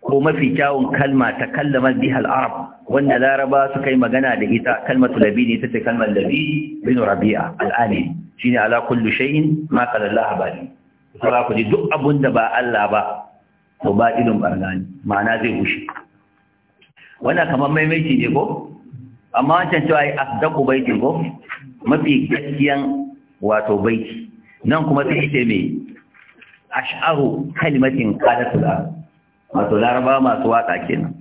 ko mafi kyawun kalma ta kallama biha al-arab wanda laraba suka yi magana da ita kalmatu labini ita ce kalmar labini bin rabi'a al-ali shine ala kullu shay'in ma qala Allah bali sai ku ji duk abun da ba Allah ba to ba ilin barnani ma'ana zai bushe wannan kamar maimaiti ne ko amma wancan cewa ai asdaqu baiti ko mafi gaskiyan wato baiti nan kuma sai ita mai ash'aru kalimatin qalatul arab wato laraba masu waka kenan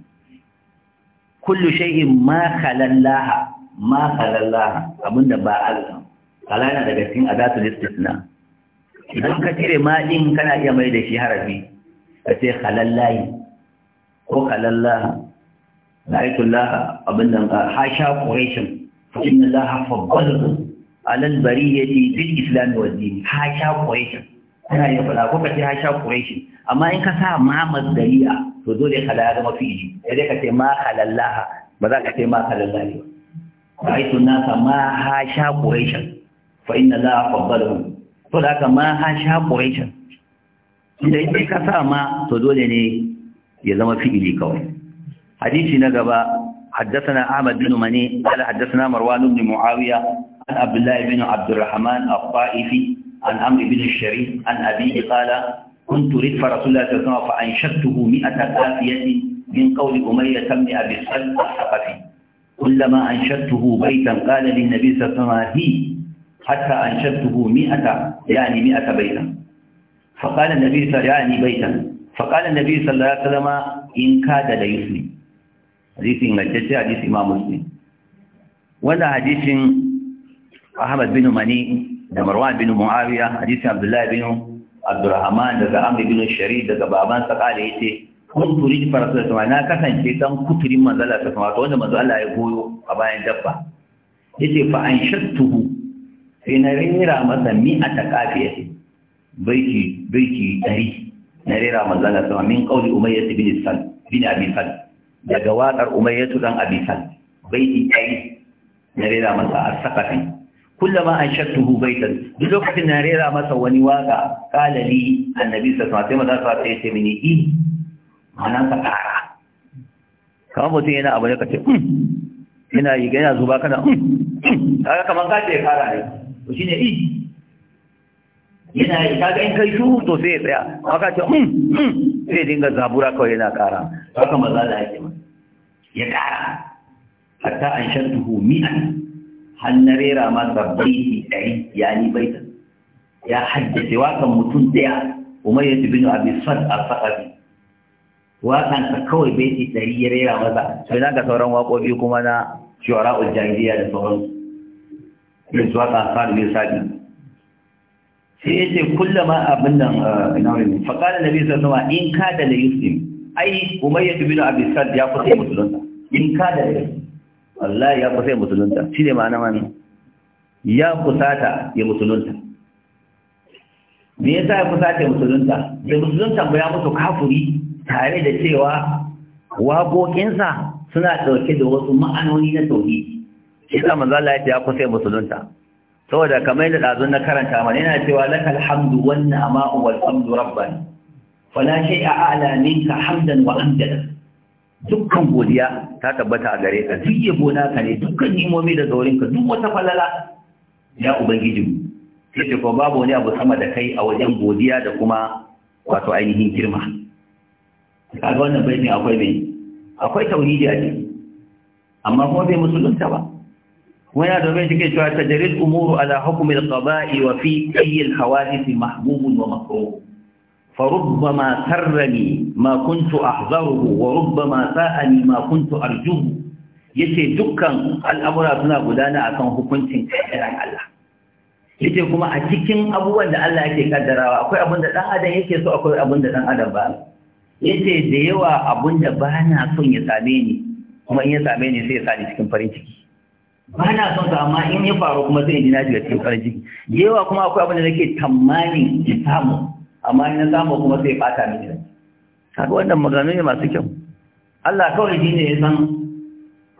kullu shay'in ma khalallaha ma khalallaha abinda ba Allah kalana daga cikin adatul istisna idan ka cire ma din kana iya mai da shi harafi ka ce khalallahi ko khalallaha la'itullah abinda hasha quraishin fa inna allaha faddala alal bariyati bil islam wa din ha sha quraish kana yin fada ko kace ha sha quraish amma in ka sa ma masdariya to dole ka da zama fi'ili sai ka ce ma halallaha ba za ka ce ma halallaha ba aitu nasa ma ha sha quraish fa inna la mu to da ka ma ha sha quraish idan sai ka sa ma to dole ne ya zama ji kawai hadisi na gaba حدثنا أحمد بن مني قال حدثنا مروان بن معاوية عن عبد الله بن عبد الرحمن الطائفي عن عمرو بن الشريف عن أبيه قال كنت ردف رسول الله صلى الله عليه وسلم فأنشدته مئة قافية من قول أمية بن أبي الصلب الثقفي كلما أنشدته بيتا قال للنبي صلى الله عليه وسلم هي حتى أنشدته مئة يعني مئة بيتا فقال النبي صلى الله عليه وسلم يعني بيتا فقال النبي صلى الله عليه وسلم إن كاد ليسلم حديث إنجلتي حديث إمام مسلم ولا حديث Ahmad bin Mani da Marwan bin Muawiya hadisin Abdullah bin Abdurrahman daga Amr bin Shari daga baban sa kale yace kun turi fara da sama na kasance dan kuturin manzala ta sama wanda manzo Allah ya goyo a bayan dabba yace fa an shattuhu sai na rera masa mi a takafiya baiti baiti dari na rera manzala sama min qauli umayyah bin sal bin abi sal daga waƙar umayyah dan abi sal Baiki dari na rera masa as-saqafi kullama an shattuhu baitan duk lokacin na rera masa wani waka kalali annabi sallallahu alaihi wasallam sai maza sa ce mini i mana ka kara kamar mutum yana abu da kace yana hmm, yi yana zuba kana hmm, hmm. kaga kamar ka ce kara ne to shine i yana yi kaga in kai shuru to sai ya tsaya haka ce sai dinga zabura kawai yana kara haka maza da yake ya kara hatta an shattuhu mi'an har na rera masa baiti ɗari ya ni baita ya haddace wakan mutum ɗaya umar yadda bin abi sad a sa'abi wakansa kawai baiti ɗari ya rera masa sai za ka sauran waƙoƙi kuma na shawara ujjahiliya da sauran irin su waka sa'adu bin sa'adu sai ya ce kullama abin nan uh, ina wani faƙalar nabi sassama in ka da na yusuf ai umar yadda bin abi sad ya kusa musulunta in ka da na yusuf wallahi ya kusa ya musulunta shi ne ma'ana wani ya kusata ya musulunta me ta ya kusata ya musulunta da musulunta ba ya mutu kafuri tare da cewa waƙoƙinsa suna ɗauke da wasu ma'anoni na tauhidi shi sa manzo Allah ya kusa ya musulunta saboda kamar da ɗazun na karanta mana yana cewa lakal hamdu wannan na'ama wal hamdu rabban fala a a'la minka hamdan wa amjada dukkan godiya ta tabbata a gare ka duk yabo naka ne dukkan nimomi da gaurin ka duk wata falala ya ubangiji sai ko babu wani abu sama da kai a wajen godiya da kuma wato ainihin girma kaga wannan ne akwai mai akwai tauhidi a ciki amma kuma bai musulunta ba wani da mai cikin cewa tajarid umuru ala hukumar al wa fi ayyi al-hawadith mahbubun wa makruh فربما سرني ما كنت احذره وربما ساءني ما كنت ارجوه yace dukkan al'amura suna gudana akan hukuncin kaddaran Allah yace kuma a cikin abubuwan da Allah yake kaddarawa akwai abin da dan adam yake so akwai abin da dan adam ba yace da yawa abin da ba na son ya same ni kuma in ya same ni sai ya sani cikin farin ciki ba na son sa amma in ya faru kuma sai ji na cikin farin ciki da yawa kuma akwai abin da nake tamani in samu amma in na samu kuma sai bata mini rai kaga wannan maganu ne masu kyau Allah kawai shine ya san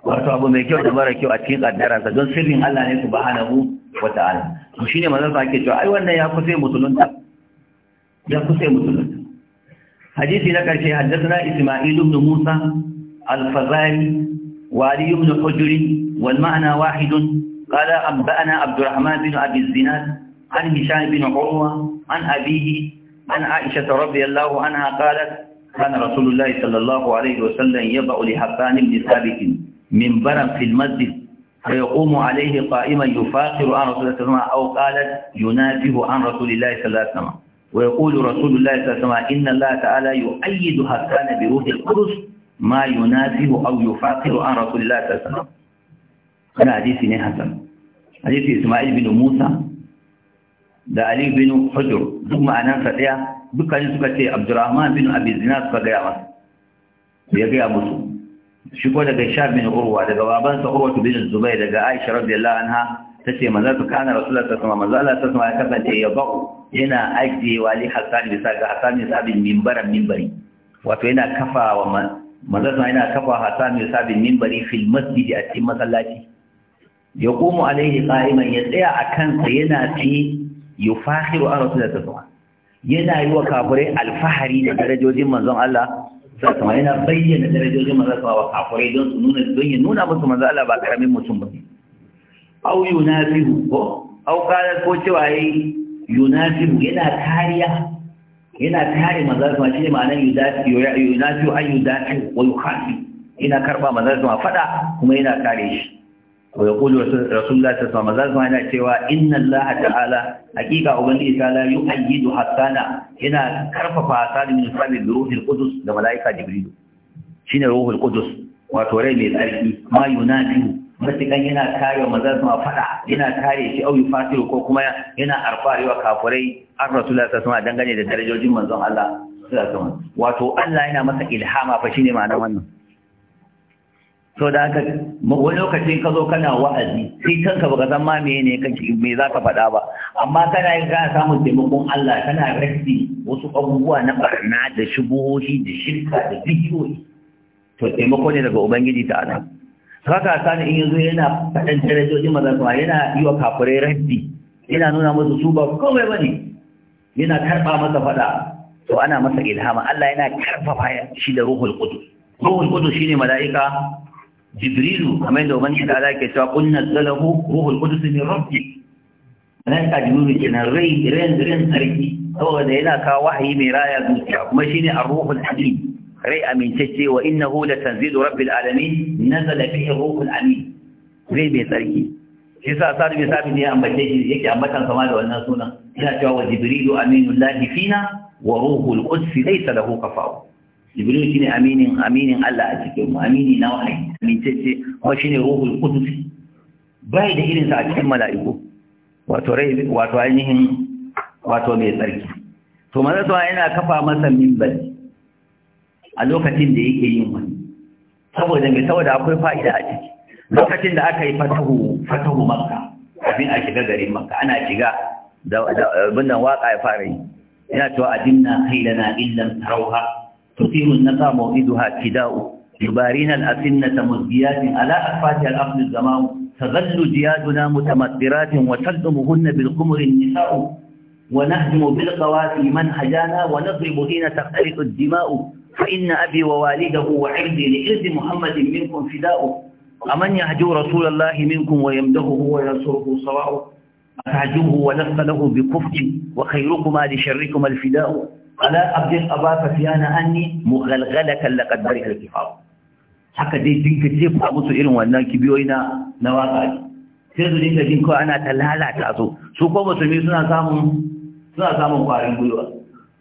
wato abu mai kyau da mara kyau a cikin kaddararsa don sirrin Allah ne su subhanahu wa ta'ala to shine manzon sa yake cewa ai wannan ya kusa musulunta ya kusa musulunta hadisi na karshe haddathana Isma'il ibn Musa al-Fazari وعلي بن حجر والمعنى واحد قال أنبأنا عبد Abdurrahman بن أبي الزناد عن هشام بن عروة عن أبيه عن عائشة رضي الله عنها قالت كان رسول الله صلى الله عليه وسلم يضع لحبان بن ثابت منبرا في المسجد فيقوم عليه قائما يفاخر عن رسول الله صلى الله عليه وسلم أو قالت ينافه عن رسول الله صلى الله عليه وسلم ويقول رسول الله صلى الله عليه وسلم إن الله تعالى يؤيد حسان بروح القدس ما ينافه أو يفاخر عن رسول الله صلى الله عليه وسلم هذا حديث حسن حديث إسماعيل بن موسى da Ali bin Hujr duk ma'anansa ɗaya dukkanin suka ce Abdurrahman bin Abi Zinad suka gaya masa ya gaya musu shi ko daga Hisham bin Urwa daga sa Urwa bin Zubair daga Aisha radiyallahu anha tace manzo ta kana Rasulullahi sallallahu alaihi wasallam manzo Allah sallallahu alaihi wasallam ya kasance ya ba'u yana ajiyewa wali Hassan bisa ga Hassan bin Sabin minbaran minbari wato yana kafa wa manzo yana kafa Hassan bin Sabin minbari fil masjid a cikin masallaci ya komo alaihi qa'iman ya tsaya akan sa yana tsaye yufahiru an da ta alaihi yana yi wa kafirai alfahari da darajojin manzon Allah sallallahu alaihi yana bayyana darajojin manzon Allah wa kafirai don su nuna don ya nuna musu manzon Allah ba karamin mutum ba au yunafihu ko au kana ko cewa yi yunafihu yana kariya yana kare manzon Allah shine ma'anar yudafi yunafihu an yudafi wa yukhafi yana karba manzon Allah fada kuma yana kare shi wa yaqulu rasulullah sallallahu alaihi wasallam yana cewa inna allaha ta'ala hakika ubangiji ta'ala ayyidu hasana yana karfafa hasana min sabbi ruhul qudus da malaika jibril shine ruhul qudus wato rai mai tsarki ma yunadihu matukan yana kare maza su fada yana kare shi au yufasiru ko kuma yana arfarewa kafurai an rasulullah sallallahu alaihi wasallam dangane da darajojin manzon Allah sallallahu alaihi wasallam wato Allah yana masa ilhama fa shine ma'anar wannan so da aka wani lokacin ka zo kana wa'azi sai kanka baka san ma me ne kake me za ka faɗa ba amma kana yin kana samun taimakon Allah kana rasi wasu abubuwa na barna da shubuhohi da shirka da bidiyoyi to taimako ne daga ubangiji ta ana haka sani in yanzu yana faɗan darajoji mazarfa yana yi wa kafirai raddi yana nuna musu su ba komai bane yana karɓa masa faɗa to ana masa ilhama Allah yana karfafa shi da ruhul qudus ruhul qudus shine mala'ika jibrilu kamar yadda ubangiji da Allah ke cewa kun nazzalahu ruhul qudus min rabbi nan ka jibrilu nan rai ran ran sarki saboda yana kawo wahayi mai raya zuciya kuma shine ar-ruhul halim rai amintacce wa innahu la tanzilu rabbil alamin nazala fihi ruhul amin rai mai sarki shi sa sadu bai sabi ne ambace shi yake ambatan sama da wannan sunan Ina cewa wa jibrilu aminullahi fina wa ruhul qudus laysa lahu kafawu shi shine aminin aminin Allah a cikin mu amini na wahayi amintacce kuma shine ruhul qudus bai da irin sa a cikin mala'iku wato rai wato ainihin wato mai tsarki to manzo yana kafa masa minbari a lokacin da yake yin wani saboda mai saboda akwai fa'ida a ciki lokacin da aka yi fatahu fatahu makka abin a shiga garin makka ana shiga da abin waka ya fara yi yana cewa adinna hailana illan tarauha تقيم النقى موعدها ابتداء يبارين الأسنة مزجيات على أكفاتها الأقل الزمان تظل جيادنا متمطرات وتلدمهن بالقمر النساء ونهجم بالقوافي من هجانا ونضرب حين تختلط الدماء فإن أبي ووالده وحرزي لإرث محمد منكم فداء أمن يهجو رسول الله منكم ويمدهه وينصره صواء أتعجوه ونفله بكفج وخيركما لشركما الفداء ala abdin aba sufyana anni mughalghalaka laqad barika al-kifar haka dai dinka jefa musu irin wannan kibiyoyi na na waka ne sai su dinga jin kawai ana ta lalata su su ko musulmi suna samun suna samun kwarin gwiwa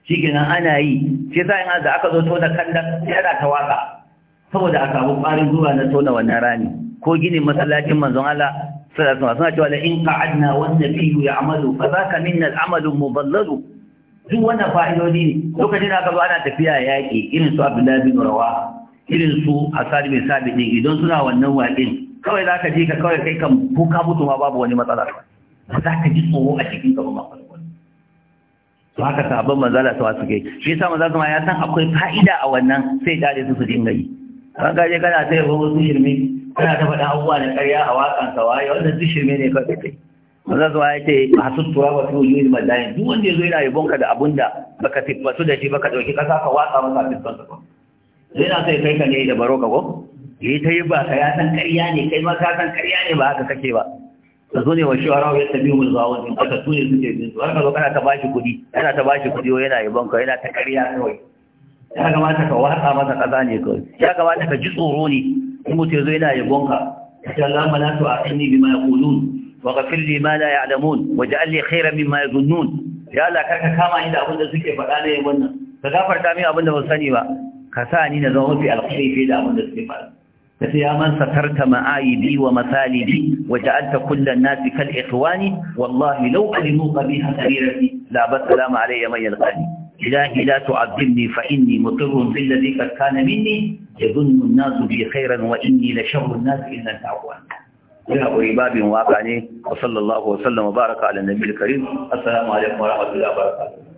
shikenan ana yi sai sa in da aka zo tona kanda yana ta waka saboda a samu kwarin gwiwa na tona wannan rami. ko gini masallacin manzon Allah sallallahu alaihi wasallam suna cewa la in qa'adna wan nabiyyu ya'malu fa zaka minna al-amalu mudallal duk wannan fa'idodi ne lokacin da aka zo ana tafiya yaƙi irin su abdullahi bin rawa irin su hasari mai sabi ɗin idan suna wannan waƙin kawai za ka je ka kawai kai kan kuka mutu ma babu wani matsala ba za ka ji tsoro a cikin ka ba ma to haka sabon manzala ta wasu kai shi yasa manzala kuma ya san akwai fa'ida a wannan sai dare su su dinga yi an gaje kana sai ya wasu shirme kana ta faɗa abubuwa na ƙarya a waƙan sawaye wannan duk shirme ne kawai kai maza zuwa ya ce masu tura wa su yi madayin duk wanda ya zo yana ka da abun da baka tibbatu da shi baka ɗauki ƙasa ka watsa masa fiskan sa zai na sai kai ka ne da baro ka ko yi ta yi ba ka ya san karya ne kai ma ka san karya ne ba haka kake ba ka zo ne wa shi warawa ya tabi mu zuwa wani tuni su ke suke bin su har ka zo kana ta bashi kuɗi yana ta bashi kuɗi wa yana ka yana ta karya kawai ya kamata ka watsa masa ƙasa ne kawai ya kamata ka ji tsoro ne in mutum ya zo yana ka ya ce Allah mana to a sani bi ma ya وغفر limana ما لا يعلمون واجعل لي خيرا مما يظنون يا الله كaka kama ni da abin da suke faɗa ne wannan ka gafarta min abin da ban sani ba ka sa ni na zama mafi alkhairi fiye da abin da suke faɗa kace ya man satarta ma'aibi wa masalibi waja'alta kullan nasi kal ikhwani wallahi law alimu biha kabirati la basalam alayya man yalqani إلهي لا تعذبني فإني مطر بالذي قد كان bi يظن wa inni خيرا وإني لشر الناس إلا تعوان ina uri babin waka ne wa sallallahu wa baraka ala nabiyil karim assalamu alaikum wa rahmatullahi wa barakatuh